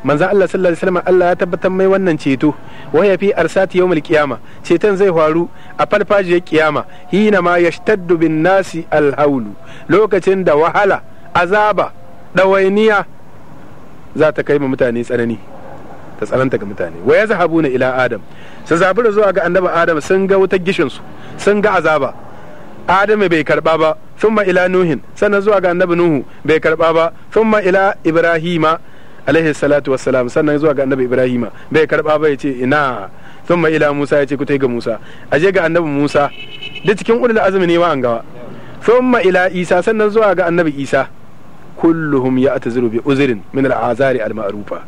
manzan Allah sallallahu alaihi wasallam Allah ya tabbatar mai wannan ceto wa ya fi arsati yawmul qiyama ceton zai faru a farfajiyar kiyama hina ma yashtaddu bin nasi alhaulu lokacin da wahala azaba dawainiya za ta kai mutane tsanani ta tsananta ga mutane wa yazhabuna ila adam su zabura zuwa ga annabi adam sun ga wutar gishin su sun ga azaba Adam bai karba ba thumma ila nuhin sannan zuwa ga annabi nuhu bai karba ba thumma ila ibrahima alaihi salatu wassalam sannan zuwa ga annabi ibrahima bai karba ba ce ina thumma ila musa yace ku ga musa aje ga annabi musa da cikin ulul azmi ne wa an gawa thumma ila isa sannan zuwa ga annabi isa kulluhum ya'taziru bi uzrin min al'azari al-ma'rufa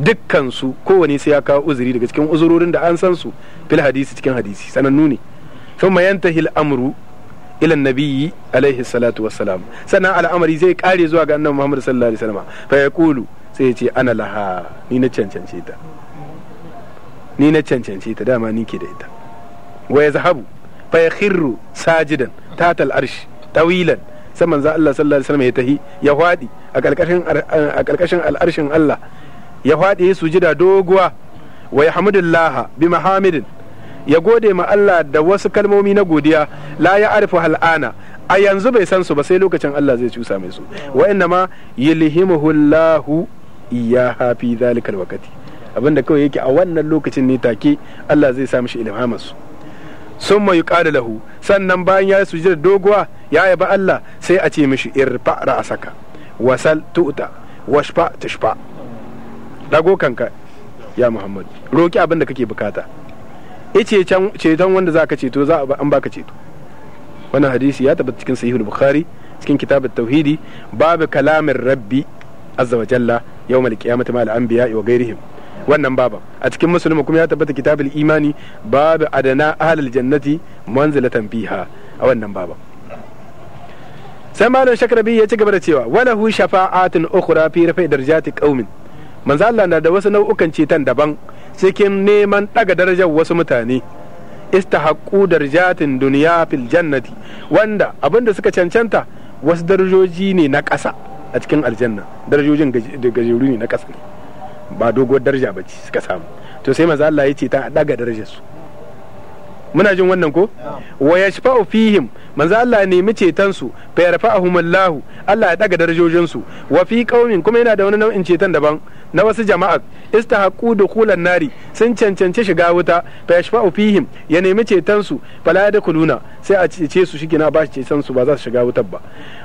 dukkan su kowane sai ya kawo uzuri daga cikin uzurorin da an san su fil hadisi cikin hadisi sanannu ne thumma yantahi al-amru ilan nabiyyi alaihi salatu wassalam sannan al'amari zai kare zuwa ga annabi Muhammad sallallahu alaihi wasallam fa yaqulu sai ya ce ana laha ni na cancance ta ni na cancance ta dama ni ke da ita wa yazhabu fa yakhirru sajidan tatal arshi tawilan sai manzo Allah sallallahu alaihi wasallam ya tahi ya fadi a karkashin a karkashin al'arshin Allah ya fadi ya sujida doguwa wa yahmudullaha bi mahamidin ya gode ma Allah da wasu kalmomi na godiya la ya arifu hal'ana a yanzu bai san su ba sai lokacin Allah zai cusa mai su wa ma yulhimuhu Allahu iyyaha hafi zalikal waqti abinda kawai yake a wannan lokacin ne take Allah zai sa mishi ilhamar su summa da lahu sannan bayan ya da doguwa ya yaba Allah sai a ce mishi irfa ra'asaka wasal tu'ta washfa tashfa dago kanka ya Muhammad roki abinda kake bukata yace ceton wanda zaka ceto za a an baka ceto wannan hadisi ya tabbata cikin sahihul bukhari cikin kitabut tauhidi babu kalamin rabbi azza wa jalla yawmal qiyamati ma anbiya wa ghairihim wannan babu a cikin musulmi kuma ya tabbata kitabul imani babu adana ahlul jannati manzilatan fiha a wannan babu sai malam shakrabi ya ci gaba da cewa walahu shafa'atun ukhra fi rafi darajati qaumin manzo Allah na da wasu nau'ukan ceton daban cikin neman ɗaga darajar wasu mutane istahaqqu darajatin duniya fil jannati wanda abinda suka cancanta wasu darajoji ne na ƙasa a cikin aljanna darajojin gajeru ne na ƙasa ba doguwar daraja ba ce suka samu to sai maza Allah ya ce ta ɗaga darajar muna jin wannan ko wa yashfa'u fihim manzo Allah ya nemi ceton su fa yarfa'uhumullahu Allah ya daga darajojin su wa fi qaumin kuma yana da wani nau'in ceton daban na wasu jama'a istahaqu dukhulan nari sun cancanci shiga wuta fa yashfa'u fihim ya nemi ceton su da yadkhuluna sai a cece su shi gina ba shi ceton su ba za su shiga wutar ba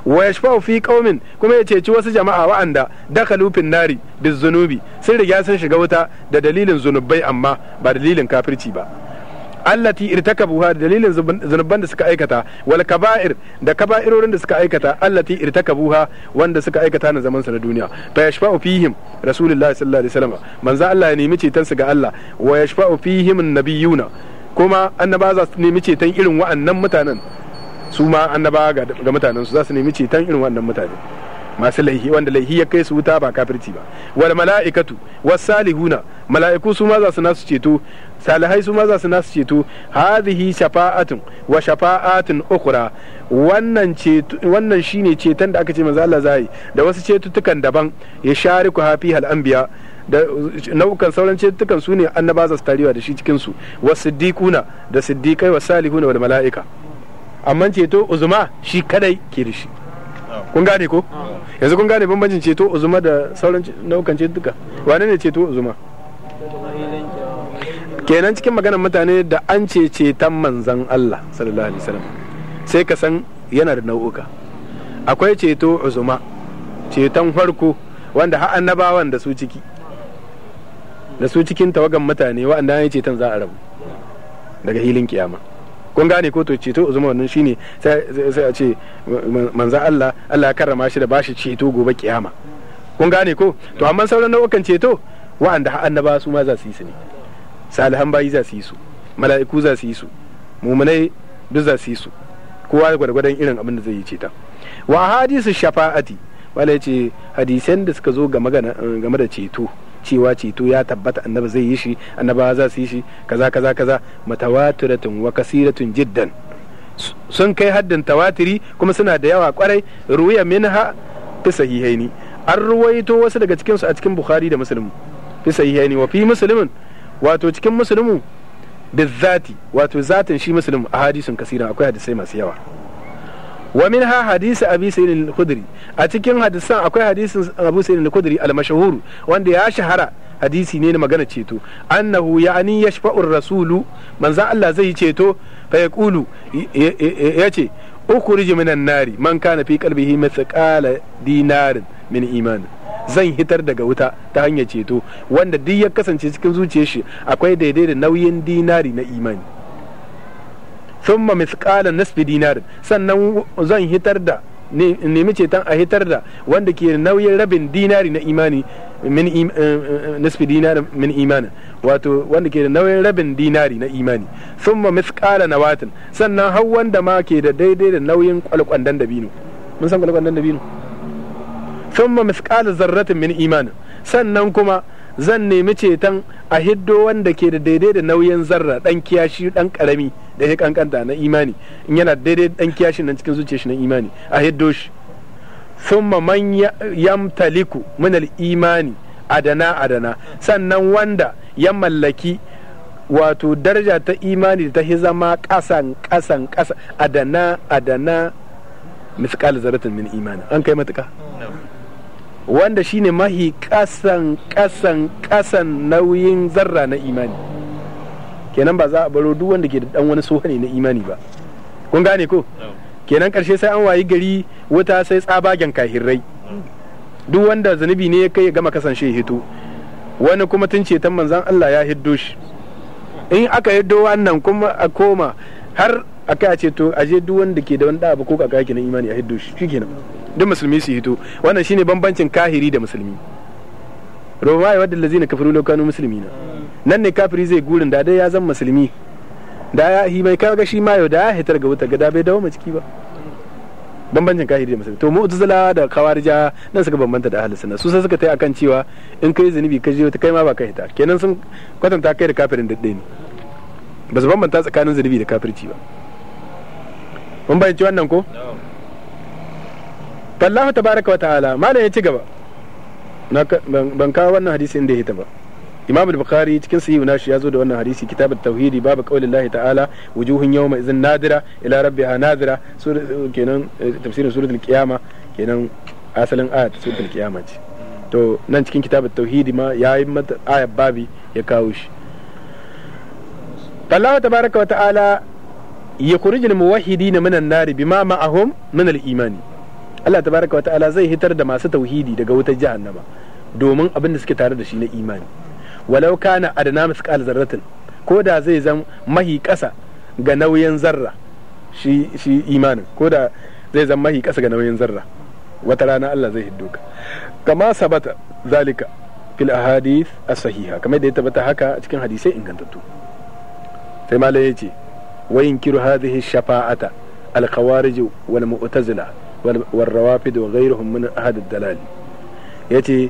wa yashfa'u fi qaumin kuma ya ceci wasu jama'a wa'anda dakalu fin nari bizunubi sun riga sun shiga wuta da dalilin zunubai amma ba dalilin kafirci ba allati irtakabuha dalilin zunuban da suka aikata wal kaba'ir da kaba'irorin da suka aikata allati irtakabuha wanda suka aikata na zaman sa na duniya fa yashfa'u fihim rasulullahi sallallahu alaihi wasallam manzo Allah ya nemi ceton su ga Allah wa yashfa'u fihim nabiyuna kuma annaba za su nemi ceton irin wa'annan mutanen su ma annaba ga mutanen su za su nemi ceton irin wa'annan mutanen. masu laihi wanda laihi ya kai su wuta ba kafirci ba wal mala'ikatu was salihuna mala'iku su ma za su nasu ceto salihai su ma za su nasu ceto hadhihi shafa'atun wa shafa'atun ukhra wannan ceto wannan shine ceton da aka ce manzo Allah zai da wasu cetutukan daban ya shariku hafi hal anbiya da nau'ukan sauran cetutukan su ne annaba za su tarewa da shi cikin su was siddiquna da siddiqai was salihuna wal mala'ika amma ceto uzuma shi kadai ke da shi kun gane ko yanzu kun gane bambancin ceto uzuma da sauran nau'ukan cetuka wane ne ceto uzuma kenan cikin maganar mutane da an ce cetan manzan Allah sallallahu alaihi wasallam sai ka san yana da nau'uka akwai ceto uzuma ceton farko wanda har annabawan da su ciki da su cikin tawagan mutane wa'anda ya ceton za a rabu daga hilin kiyama kun gane ko to ceto uzuma wannan shine sai a ce manzo Allah Allah ya karrama shi da bashi ceto gobe kiyama kun gane ko to amma sauran nau'ukan ceto wa'anda annaba su ma za su yi su ne salihan bayi za su yi su mala'iku za su yi su mumunai duk za su yi su kowa gwargwadon irin abin da zai yi ceta wa hadisu shafa'ati wala ce hadisan da suka zo game da ceto cewa ceto ya tabbata annaba zai yi shi annaba za su yi shi kaza kaza kaza matawaturatun wa kasiratun jiddan sun kai haddin tawatiri kuma suna da yawa kwarai ruya minha fi sahihaini an ruwaito wasu daga cikin su a cikin bukhari da muslim fi sahihaini wa fi muslimin wato cikin muslimu bizzati wato zatin shi muslim a hadisin kasira akwai hadisai masu yawa wa min ha hadisi abi sayyid al-khudri a cikin hadisan akwai hadisin abu sayyid al-khudri al-mashhur wanda ya shahara hadisi ne na magana ceto annahu ya'ani yashfa'ur rasulu manzan Allah zai ceto fa yaqulu yace min minan nari man kana fi qalbihi mithqala dinarin min iman zan hitar daga wuta ta hanyar ceto wanda duk ya kasance cikin zuciyar shi akwai daidai da nauyin dinari na imani thumma misqalan nisfi dinarin sannan zan hitar da nemi ceton a hitar da wanda ke nauyin rabin dinari na imani min eh, eh, nisfi dinari min imani wato wanda ke da nauyin rabin dinari na imani thumma na watin sannan hau wanda ma ke da daidai da nauyin kwalkwandan dabino mun san kwalkwandan dabino thumma misqala zarratin min imani sannan kuma zan nemi ceton a hiddo wanda ke da daidai da nauyin zarra dan kiyashi dan karami da ya kankanta na imani in yana daidai dan kiyashi nan cikin zuciyar shi na imani a hiddo shi thumma man yamtaliku min al-imani adana adana sannan wanda ya mallaki wato daraja ta imani da ta zama kasan kasan kasa adana adana mithqal zaratin min imani an kai matuka wanda shine mahi kasan kasan kasan nauyin zarra na imani kenan ba za a baro duk wanda ke da dan wani sohane na imani ba kun gane ko kenan karshe sai an wayi gari wuta sai tsabagen kahirrai duk wanda zunubi ne ya kai ya gama kasance hito wani kuma tun ceton manzan Allah ya hiddo shi in aka hiddo wannan kuma a koma har akai a ce to aje duk wanda ke da wani abu ko kaka yake na imani a hiddo shi shikenan duk musulmi su hito wannan shine bambancin kahiri da musulmi roma ya wadda lazina kafiru musulmi na nan ne kafiri zai gurin da dai ya zan musulmi da ya hi mai kaga shi ma yau da ya hitar ga wuta gada bai dawo ciki ba bambancin kahiri da musulmi to mu'tazila da khawarija nan suka bambanta da ahlus sunna su sai suka tai akan cewa in kai zanibi ka je wata kai ma ba ka hita kenan sun kwatanta kai da kafirin da ne ba su bambanta tsakanin zunubi da kafirci ba mun bayanci wannan ko fallahu tabaraka wa ta'ala malam ya ci gaba ban kawo wannan hadisi inda ya ba imam al-bukhari cikin sahihu nashi ya zo da wannan hadisi kitab tauhidi babu qaulillahi ta'ala wujuhun yawma idhin nadira ila rabbiha nadira kenan eh, tafsirin suratul qiyama kenan asalin ayat suratul qiyama ce to nan cikin kitab tauhidi ma yayi mata ayat babi ya kawo shi Allah tabaraka wa ta'ala yukhrij muwahidi na min an-nar bima ma'ahum min al-imani Allah tabaraka wa ta'ala zai hitar da masu tauhidi daga wutar jahannama domin abin da suke tare da shi na imani walau kana adna misqal zarratin ko da zai zan mahi kasa ga nauyin zarra shi shi imanin ko da zai zan mahi kasa ga nauyin zarra wata rana Allah zai hiddo ka kama sabata zalika fil ahadith as-sahiha kamar da ya tabbata haka cikin hadisai ingantattu sai malai layace. wa yunkiru hadhihi shafa'ata al-khawarij wal mu'tazila wal rawafid wa ghayruhum min ahad ad-dalal yace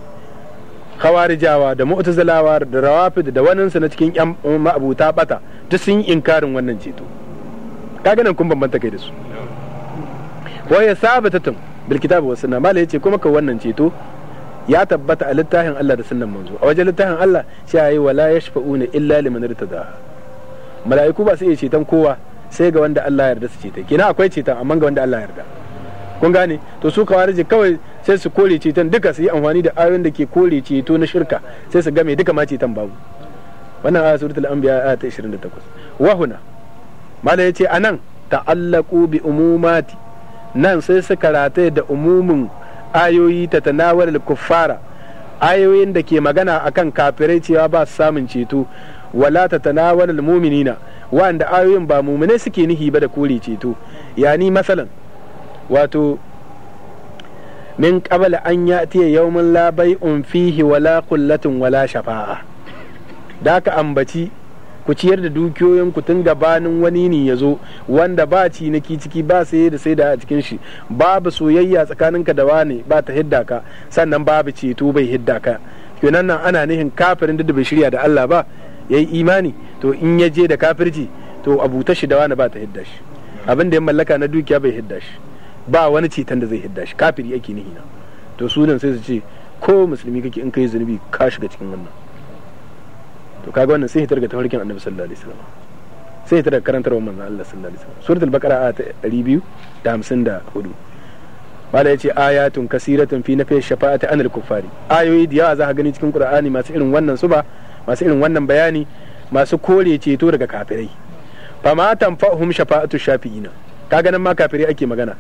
da mu'tazilawa da da waninsu na cikin yan ma'abuta bata duk sun yi inkarin wannan ceto kaga nan kun bambanta kai da su wa ya sabatatun bil kitabi was sunna mala yace kuma ka wannan ceto ya tabbata a littafin Allah da sunnan manzo a wajen littafin Allah sai ayi wala na illa liman irtada mala'iku ba su iya ceton kowa sai ga wanda Allah yarda su ceto kina akwai ceton amma ga wanda Allah yarda kun gane to su kawarije kawai sai su kore ceton duka su yi amfani da ayoyin da ke kore ceto na shirka sai su game duka ma ceton babu wannan aya suratul anbiya aya ta 28 wa huna mala yace anan ta'allaqu bi umumati nan sai su karata da umumin ayoyi ta tanawar kuffara ayoyin da ke magana akan kafirai cewa ba su samun ceto wala tatanawalul mu'minina wanda ayoyin ba mu'mine suke nihi ba da kore ceto ya ni masalan wato min qabla an ya yau yawmin la bai'un fihi wala kullatin wala shafa'a da ka ambaci ku ciyar da dukiyoyin ku tun gabanin wani ne ya zo wanda ba ci ciniki ciki ba saye da sai da a cikin shi babu soyayya tsakaninka da wani ba ta hidda ka sannan babu ceto bai hidda ka kenan nan ana nihin kafirin da bai shirya da Allah ba ya yi imani to in ya je da kafirci to abuta shi da wani ba ta hidda shi abin da ya mallaka na dukiya bai hidda shi ba wani citan da zai hidda shi kafiri yake nihi na to sunan sai su ce ko musulmi kake in kai zunubi ka shiga cikin wannan to kaga wannan sai hitar ga tafarkin annabi sallallahu alaihi wasallam sai hitar ga karantarwar manzon Allah sallallahu alaihi wasallam suratul baqara ayat 254 wala yace ayatun kasiratun fi nafi shafa'ati anil kuffari ayoyi da yawa za ka gani cikin qur'ani masu irin wannan su ba. masu irin wannan bayani masu kore ceto daga kafirai fama tanfa'uhum shafa'atu shafi'ina kaga nan ma kafirai ake magana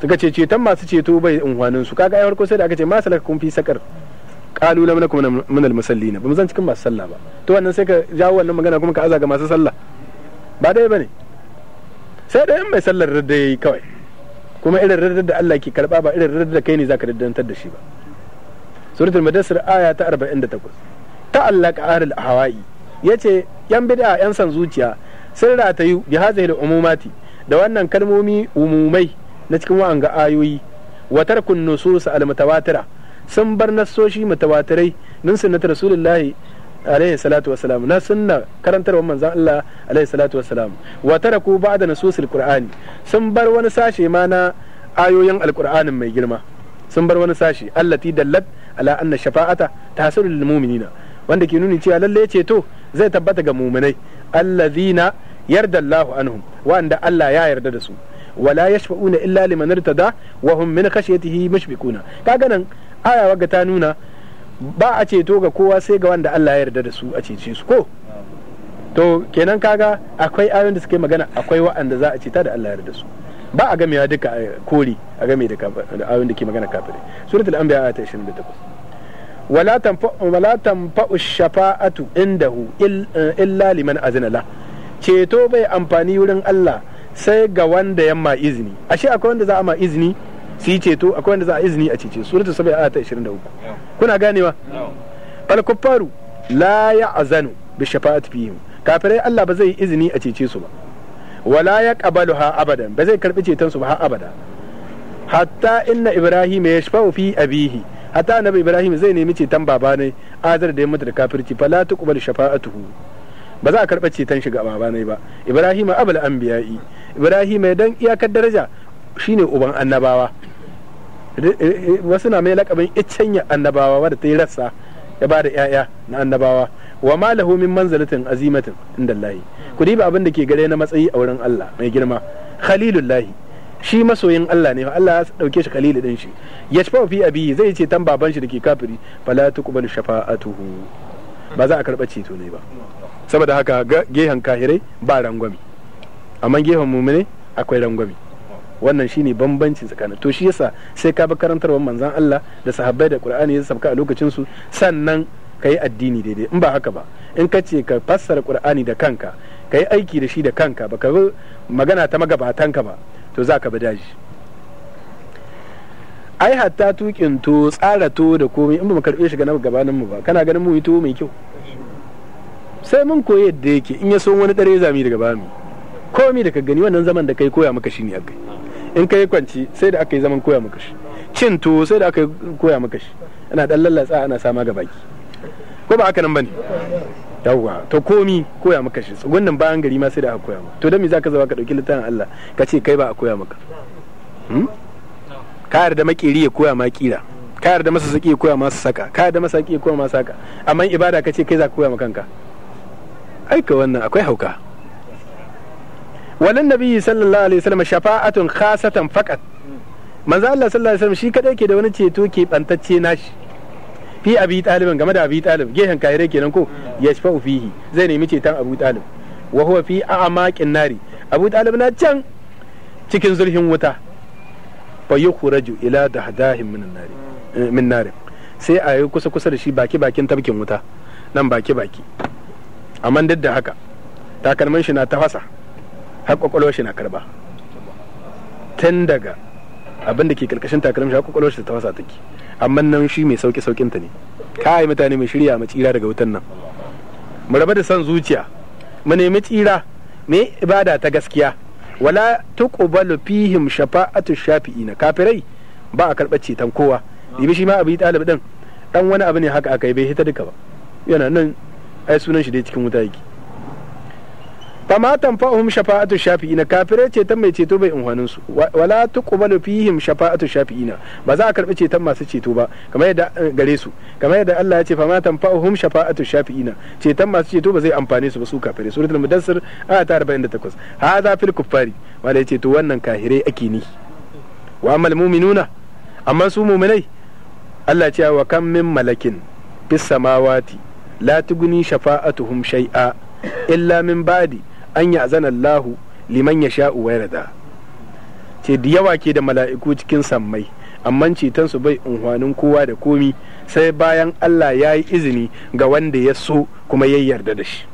suka ce ceton masu ceto bai unhwanin su kaga ko sai da aka ce ma salaka kun fi sakar qalu lam nakum min al musallina ba mu zan cikin masu sallah ba to wannan sai ka jawo wannan magana kuma ka aza ga masu sallah ba dai bane sai dai mai sallar radda yayi kawai kuma irin radda da Allah ke karba ba irin radda da kai ne zaka daddantar da shi ba suratul madassir aya ta 48 ta'allaka ahlul hawa'i yace yan bid'a yan san zuciya sun ratayu bi hadhihi umumati da wannan kalmomi umumai na cikin ga ayoyi wa tarkun nusus al mutawatira sun bar nassoshi mutawatirai min sunnati rasulullahi alaihi salatu salam na sunna wa manzan Allah alaihi salatu wassalam wa taraku ba'da nususil qur'ani sun bar wani sashe ma na ayoyin alqur'anin mai girma sun bar wani sashe allati dallat ala anna shafa'ata tahsulu lil mu'minina wanda ke nuni cewa lalle ceto zai tabbata ga muminai allazina yarda Allahu anhum wanda Allah ya yarda da su wala yashfa'una illa liman irtada wa hum min khashyatihi mushfiquna kaga nan aya waga ta nuna ba a ceto ga kowa sai ga wanda Allah ya yarda da su a cece su ko to kenan kaga akwai ayoyin da suke magana akwai wa'anda za a ta da Allah ya yarda da su ba a gamewa duka eh, kori a game da ayoyin da ke magana kafirai suratul anbiya ayat 28 wala tanfa'u shafa'atu indahu illa liman azina la ceto bai amfani wurin Allah sai ga wanda ya ma izini ashe akwai wanda za a ma izini su yi ceto akwai wanda za a izini a cece suratul sabai ayat 23 kuna ganewa fal kuffaru la ya'zanu bi shafa'ati fihim kafirai Allah ba zai yi izini a cece su ba wala ya qabalu ha abadan ba zai karbi ceton su ba ha abada hatta inna ibrahim yashfa'u fi abihi hatta annabi ibrahim zai nemi ceton baba ne azar da ya mutu da kafirci fala tuqbal shafa'atuhu ba za a karɓa ceton shiga baba ne ba ibrahim abul anbiya'i ibrahim dan iyakar daraja shine uban annabawa wasu na mai lakabin iccen ya annabawa wadda ta yi rassa ya ba da 'ya'ya na annabawa wa ma lahu min manzalatin azimatin inda ku diba abin da ke gare na matsayi a wurin Allah mai girma khalilullahi shi masoyin Allah ne Allah ya dauke shi kalili din shi shafa fi abi zai ce tan baban shi dake kafiri fala tuqbal shafa'atuhu ba za a karba ceto ne ba saboda haka gehan kahirai ba rangwami amma gehan mumine akwai rangwami wannan shine bambanci tsakanin to shi yasa sai ka bi karantarwar manzon Allah da sahabbai da Qur'ani ya sabka a lokacin su sannan ka yi addini daidai in ba haka ba in ka ce ka fassara qur'ani da kanka ka yi aiki da shi da kanka ba ka magana ta ka ba to za ka bi daji ai hatta tukin to tsara to da komai in ba mu karbe shi ga gabanin mu ba kana ganin mu yi to mai kyau sai mun koyi yadda yake in ya so wani dare zami daga mu. komai da ka gani wannan zaman da kai koya maka shi ne akai in kai kwanci sai da aka yi zaman koya maka shi cin to sai da aka yi koya maka shi ana dan lallatsa ana sama ga baki ko ba haka nan bane yawwa to komi koya maka shi wannan bayan gari ma sai da aka koya maka to dan me zaka zaba ka dauki littafin Allah ka ce kai ba a koya maka hmm? ka yarda makiri ya koya ma kira ka yarda masa saki ya koya ma saka ka yarda masa saki ya koya ma saka amma ibada ka ce kai za ka koya ma kanka aika wannan akwai hauka walan nabi sallallahu alaihi wasallam shafa'atun khasatan faqat manzo Allah sallallahu alaihi wasallam shi kadai ke da wani ceto ke bantacce nashi fi abi talibin game da abi talib gehen kahire kenan ko yashfa'u fihi zai nemi tan abu talib wa huwa fi a'maqin nari abu talib na can cikin zurfin wuta fa yukhraju ila dahdahin min nari eh, min nari sai a yi kusa kusa da shi baki bakin tabkin wuta nan baki baki amma duk da haka takalman shi na tafasa har kwakwalwar shi na karba tun daga abin da ke karkashin takalmin shi har kwakwalwar shi ta tafasa take amma nan shi mai sauki saukin ta ne kai mutane mai shirya mu tsira daga wutan nan mu raba da san zuciya mu nemi tsira me ibada ta gaskiya wala tuqbalu fihim shafa'atu shafi'ina kafirai ba a karɓar ceton kowa dibi shi ma abi talib din dan wani abu ne haka aka yi bai hita duka ba yana nan ai sunan shi dai cikin wuta yake fama tanfa'uhum shafa'atu shafi'ina kafirai ceton mai ceto bai unhwanin su wala tuqbalu fihim shafa'atu shafi'ina ba za a karbi ceton masu ceto ba kamar yadda eh, gare su kamar yadda Allah ya ce fama tanfa'uhum shafa'atu shafi'ina ceton masu ceto ba zai amfane su ba su kafirai suratul mudassir aya ta 48 hadha fil kuffari wala ce to wannan kahirai ake ni wa amal mu'minuna amma su mu'minai Allah ce wa kam min malakin fis samawati la tuguni shafa'atuhum shay'a illa min ba'di an ya azana Allahu liman ya sha'u wa yarda ce da yawa ke da mala'iku cikin sammai amma ceton su bai unhwanin kowa da komi sai bayan Allah ya yi izini ga wanda ya so kuma ya yarda da shi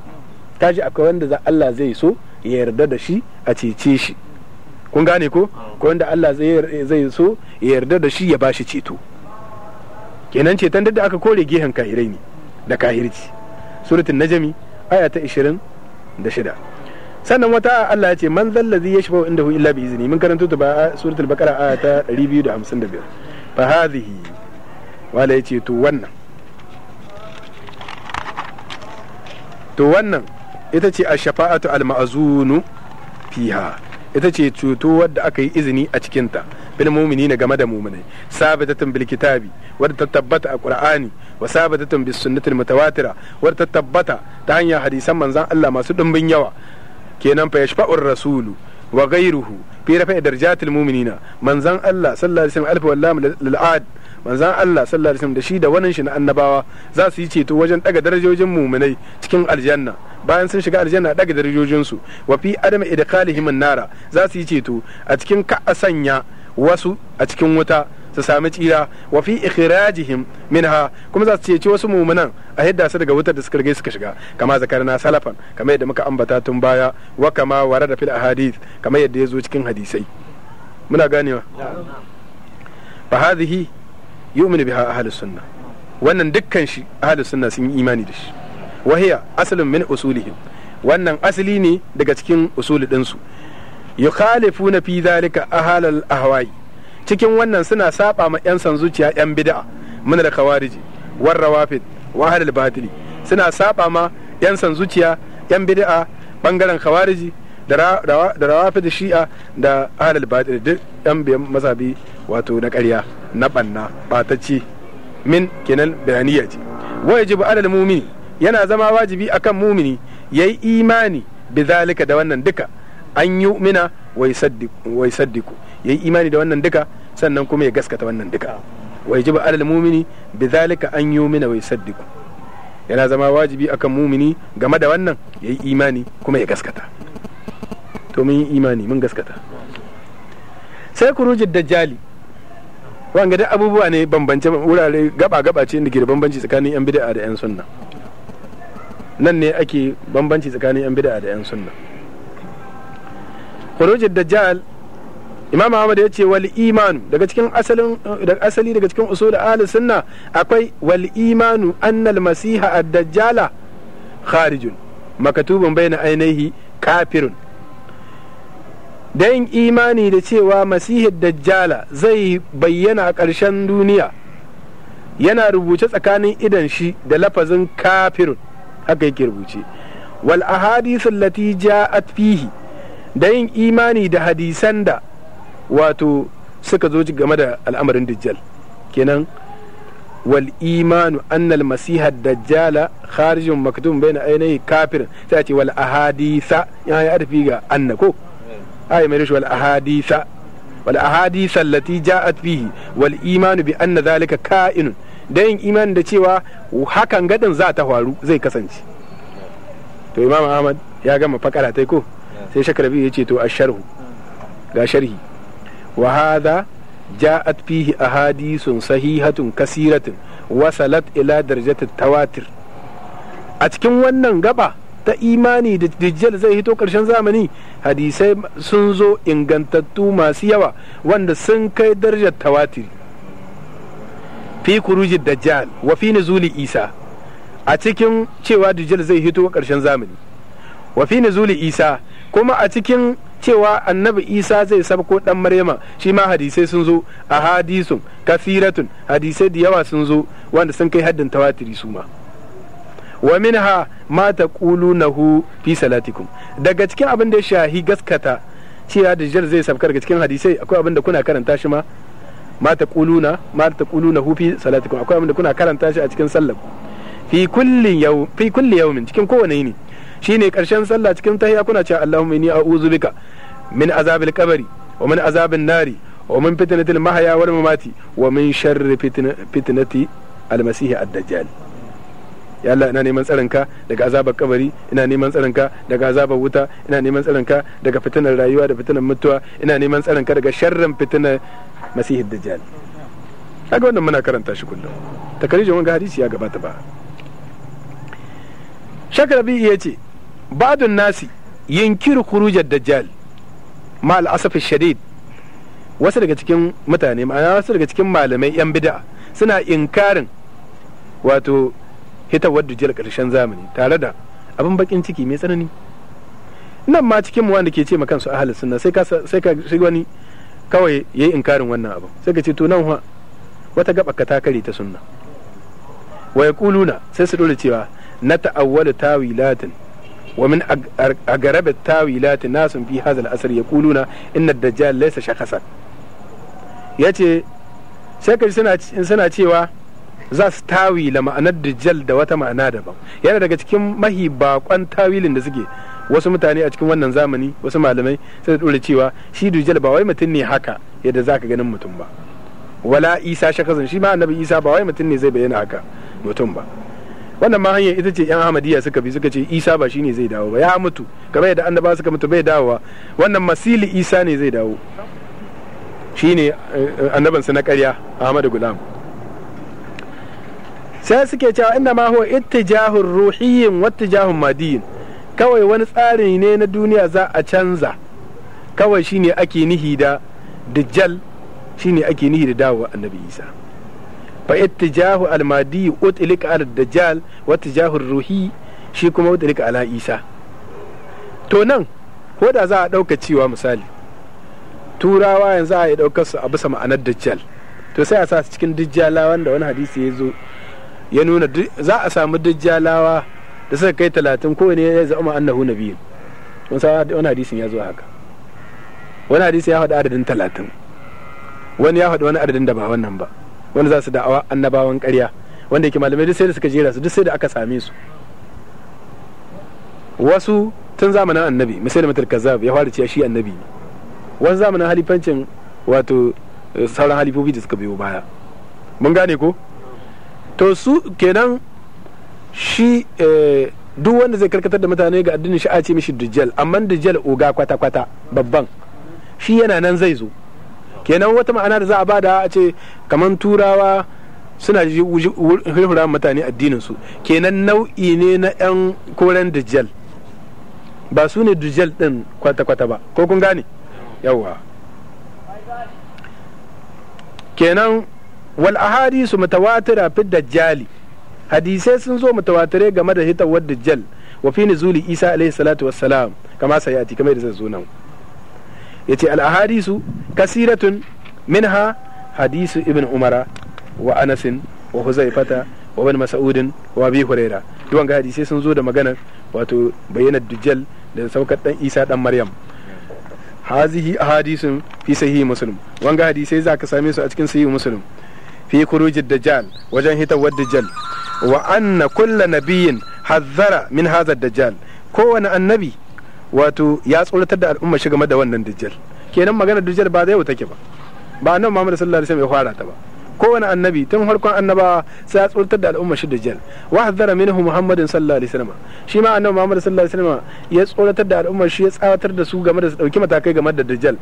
kaji akwai wanda za Allah zai so ya yarda da shi a cece shi kun gane ko ko wanda Allah zai so ya yarda da shi ya bashi ceto kenan ceton da aka kore gehen kahirai ne da kahirci suratul najmi aya ta 26 sannan wata Allah ya ce man zallazi yashfa'u indahu illa bi izini mun karanto ta ba suratul baqara aya ta 255 fa hadhihi wala ce to wannan to wannan ita ce ash-shafa'atu al-ma'zunu fiha ita ce cuto wadda aka yi izini a cikinta bil mu'minina game da mu'minai sabatatun bil kitabi wadda ta tabbata a qur'ani wa sabatatun bis sunnatil mutawatira wadda ta tabbata ta hanyar hadisan manzon Allah masu dimbin yawa kenan fa yashfa'ur rasulu wa ghayruhu fi rafa'i darajatil mu'minina manzan Allah sallallahu alaihi wasallam manzan Allah sallallahu alaihi wasallam da shi da wannan shi na annabawa za su yi ceto wajen daga darajojin mu'minai cikin aljanna bayan sun shiga aljanna daga darajojin su wa fi adam idkhalihim nara za su yi ceto a cikin ka sanya wasu a cikin wuta su sami tsira wa fi ikhrajihim minha kuma za su ceci wasu mumunan a yadda su daga wutar da suka rige suka shiga kama zakarna salafan kama yadda muka ambata tun baya wa kama da fil ahadith kama yadda ya zo cikin hadisai muna ganewa fa hadhihi yu'minu biha ahlus sunnah wannan dukkan shi ahlus sunnah sun yi imani da shi wa aslun min usulihim wannan asali ne daga cikin usuli ɗinsu yukhalifuna fi zalika ahlal ahwa'i cikin wannan suna saba ma yan san zuciya yan bid'a muna da kawariji war rawafid wa ahlul batili suna saba ma yan san zuciya yan bid'a bangaren kawariji da rawafid shi'a da ahlul batili duk yan biyan mazhabi wato na ƙarya na banna batacci min kenan bayaniya ce wajibu alal mumini yana zama wajibi akan mumini yayi imani bizalika da wannan duka an yu'mina wai saddiku ya yi imani da wannan duka sannan kuma ya gaskata wannan duka wai jiba alal mumini bi zalika an yumina wai saddiku yana zama wajibi akan mumini game da wannan ya yi imani kuma ya gaskata to mun yi imani mun gaskata sai rujin dajjali wanga duk abubuwa ne bambance wurare gaba gaba ce inda ke da bambanci tsakanin yan bid'a da yan sunna nan ne ake bambanci tsakanin yan bid'a da yan sunna khurujid dajjal imam ahmad ya ce wal imanu daga cikin asalin daga asali daga cikin usul ahli sunna akwai wal imanu anna al masiha ad dajjala kharijun makatubun baina ainihi kafirun dan imani da cewa masihi dajjala zai bayyana a ƙarshen duniya yana rubuce tsakanin idan shi da lafazin kafirun haka yake rubuce wal ahadithu allati ja'at fihi da yin imani da hadisan da wato suka zo game da al'amarin dajjal kenan wal imanu annal masiha dajjala kharijun maktum bayna ainihi kafir sai ce wal ahadisa ya yi arfi ga annako ko ayi mai wal ahadisa wal ahadisa allati ja'at fihi wal imanu bi anna zalika ka'in da yin imani da cewa hakan gadin za ta faru zai kasance to imam ahmad ya gama fakara tai ko sai shakar biyu ya ce to a sharhu ga sharhi wa hadha ja'at fihi ahadithun sahihatun kasiratin wasalat ila darajatit tawatir a cikin wannan gaba ta imani da dijjal zai hito karshen zamani hadisai sun zo ingantattu masu yawa wanda sun kai darajar tawatiri fi kurujin dajjal wa fi nuzuli isa a cikin cewa dijjal zai hito karshen zamani wa fi nuzuli isa kuma a cikin cewa annabi isa zai sabko dan maryama shi ma hadisai sun zo a hadisun kafiratun hadisai da yawa sun zo wanda sun kai haddin tawatiri su ma wa minha ma hu fi salatikum daga cikin abin da shahi gaskata cewa jar zai sabkar daga cikin hadisai akwai abin da kuna karanta shi ma ma taquluna ma hu fi salatikum akwai abin da kuna karanta shi a cikin sallah fi kulli yau fi kulli yawmin cikin kowane yini shine karshen sallah cikin tahiya kuna cewa Allahumma inni a'udhu bika min azabil qabri wa min azabin nari wa min fitnatil mahya wal mamati wa min sharri fitnati almasih ad-dajjal ya Allah ina neman tsaronka daga azabar kabari ina neman tsaronka daga azabar wuta ina neman tsaronka daga fitinar rayuwa da fitinar mutuwa ina neman tsaronka daga sharrin fitinar masihi dajjal kaga wannan muna karanta shi kullum takarijin wanga hadisi ya gabata ba shakarabi iya ce ba'dun nasi yunkiru khuruj dajjal ma al-asaf shadid wasu daga cikin mutane ma'ana wasu daga cikin malamai yan bid'a suna inkarin wato hitawar dajjal karshen zamani tare da abin bakin ciki mai tsanani nan ma cikin mu wanda ke ce ma kansu ahli sunna sai ka sai ka shi wani kawai yayi inkarin wannan abu sai ka ce to nan wata gaba ka ta kare ta sunna wa yaquluna sai su dole cewa na ta'awwalu tawilatin ومن أقرب التاويلات ناس في هذا الأثر يقولون إن الدجال ليس شخصا yace sai سنة in suna cewa za su la ma'anar dajjal da wata ma'ana daban yana daga cikin mahi bakon tawilin da suke wasu mutane a cikin wannan zamani wasu malamai sai da dole cewa shi dajjal ba wai mutum ne haka yadda za ka ganin mutum ba wala isa shakazan shi ma annabi isa ba wai mutum ne zai bayyana haka mutum ba wannan ma hanyar ita ce yan ahmadiyya suka bi suka ce isa ba shine zai dawo ba ya mutu kamar yadda annaba suka mutu bai dawowa wannan masili isa ne zai dawo shine eh, annabansa na karya ahmadu gulam sai suke cewa inda ma huwa ittijahur ruhiyyin wa ittijahun madiyin kawai wani tsari ne na duniya za a canza kawai shine ake nihi da dajjal shine ake nihi da dawo annabi isa fa ittijahu almadi utlika al dajjal wa tijahu ruhi shi kuma utlika ala isa to nan ko da za a ɗauka cewa misali turawa yanzu a yi daukar su a bisa ma'anar dajjal to sai a sa su cikin dajjalawa da wani hadisi ya zo ya nuna za a samu dajjalawa da suka kai talatin ne ya zama annahu nabiyin wani hadisin ya zo haka wani hadisi ya faɗi adadin talatin wani ya faɗi wani adadin da ba wannan ba wanda za su da'awa annabawan ƙarya wanda yake malamai duk sai da suka jera su duk sai da aka same su wasu tun zamanin annabi misali matar kazzab ya fara cewa shi annabi ne wasu zamanin halifancin wato eh, sauran halifofi da suka biyo baya mun gane ko to su kenan shi eh, duk wanda zai karkatar da mutane ga addinin shi a ce mishi dujjal amma dujjal oga kwata-kwata babban shi yana nan zai zo kenan wata ma'ana da za a bada a ce kamar turawa suna hurhura mutane addinin su kenan nau'i ne na yan koren dajjal ba su ne dajjal din kwata-kwata ba ko kun gane yawa kenan wal ahadisu mutawatira fi dajjali hadisai sun zo mutawatire game da hitawar dajjal wa fi nuzuli isa alaihi salatu wassalam kama sayati kamar da zai zo nan yace al ahadisu kasiratun minha hadisu ibn umara wa anasin wa huzaifata wa bin mas'udin wa bi huraira Wannan hadisi sun zo da maganar wato bayyana dujjal da saukar dan isa dan maryam hazihi ahadisun fi sahihi muslim wanga hadisai za ka same su a cikin sahihi muslim fi khuruj dajjal wajen hitawar dajjal wa anna kulla nabiyyin hazzara min hadha dajjal kowane annabi wato ya tsoratar da al'umma shi game da wannan dajjal kenan magana dajjal ba zai take ba ba annabi Muhammad sallallahu alaihi wasallam ya fara ta ba kowane annabi tun farkon annaba sai ya tsoratar da al'umma shi dajjal wa hazzara minhu Muhammadu sallallahu alaihi wasallam shi ma annabi Muhammad sallallahu alaihi wasallam ya tsoratar da al'umma shi ya tsawatar da su game da su dauki matakai game da dajjal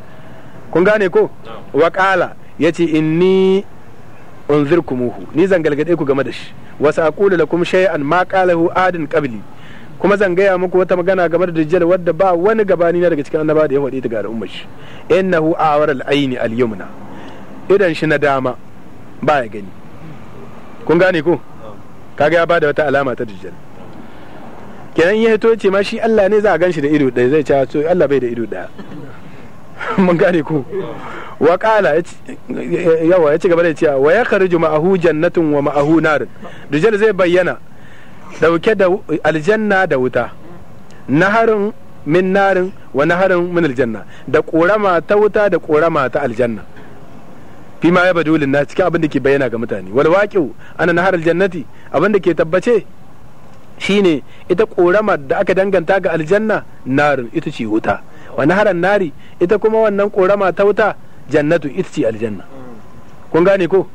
kun gane ko wa qala yace inni unzirkumuhu ni zan galgade ku game da shi wa saqulu lakum shay'an ma qalahu adin qabli kuma zan gaya muku wata magana game da dajjal wadda ba wani gabani na daga cikin annaba da ya faɗi ta ga al'ummar shi innahu awar al-aini al-yumna idan shi na dama ba ya gani kun gane ko kaga ya bada wata alama ta dajjal kenan ya hito ce ma shi Allah ne za a ganshi da ido ɗaya zai ce to Allah bai da ido ɗaya mun gane ko wa qala yawa ya ci gaba da cewa wa yakhruju ma'ahu jannatun wa ma'ahu narun dajjal zai bayyana dauke da aljanna da wuta naharin min narin wa naharin min aljanna da korama ta wuta da korama ta aljanna fi ma yaba julin na cikin abin da ke bayyana ga mutane wal waqi'u ana nahar aljannati abin da ke tabbace shine ita korama da aka danganta ga aljanna narin ita ce wuta wa naharan nari ita kuma wannan korama ta wuta jannatu ita ce aljanna kun gane ko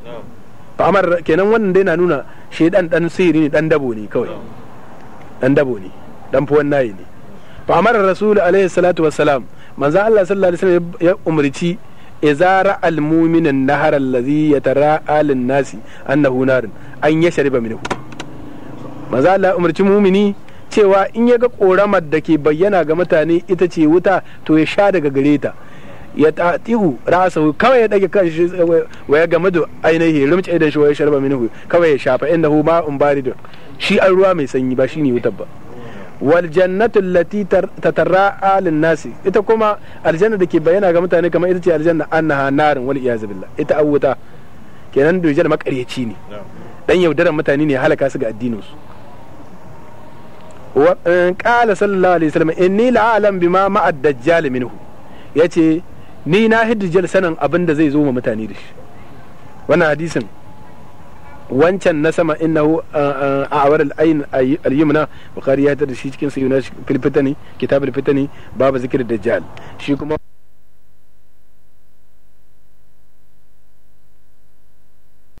fa amar kenan wannan dai na nuna shi dan dan sihiri ne dan dabo ne kawai dan dabo ne dan fuwan nayi ne fa amar rasul alaihi salatu wassalam manzo Allah sallallahu alaihi wasallam ya umurci izara almuminan nahar allazi yatara'a lin nasi annahu narin an yashriba minhu manzo Allah umurci mumini cewa in ya ga koramar da ke bayyana ga mutane ita ce wuta to ya sha daga gare ta ya tatihu ra'sahu kawai ya dage kan shi eh, wa ya game da ainihi rumce idan shi wa ya sharba minhu kawai ya shafa innahu bari da shi an ruwa mai sanyi ba shine wutar ba wal jannatu allati tatarra alin nasi ita kuma aljanna da ke bayyana ga mutane kamar ita ce aljanna annaha narin wal iyaz billah ita awuta kenan dujal makariyaci ne dan yaudaran mutane ne halaka su ga addinin su wa eh, qala sallallahu alaihi wasallam inni la'alam bima ma'ad dajjal minhu yace ni na hidijjal sanin abin da zai zo ma mutane da shi wannan hadisin wancan na sama innahu a awar al'ayin al-yumna bukhari ya tada shi cikin sayyuna fil fitani kitab al-fitani babu zikr dajjal shi kuma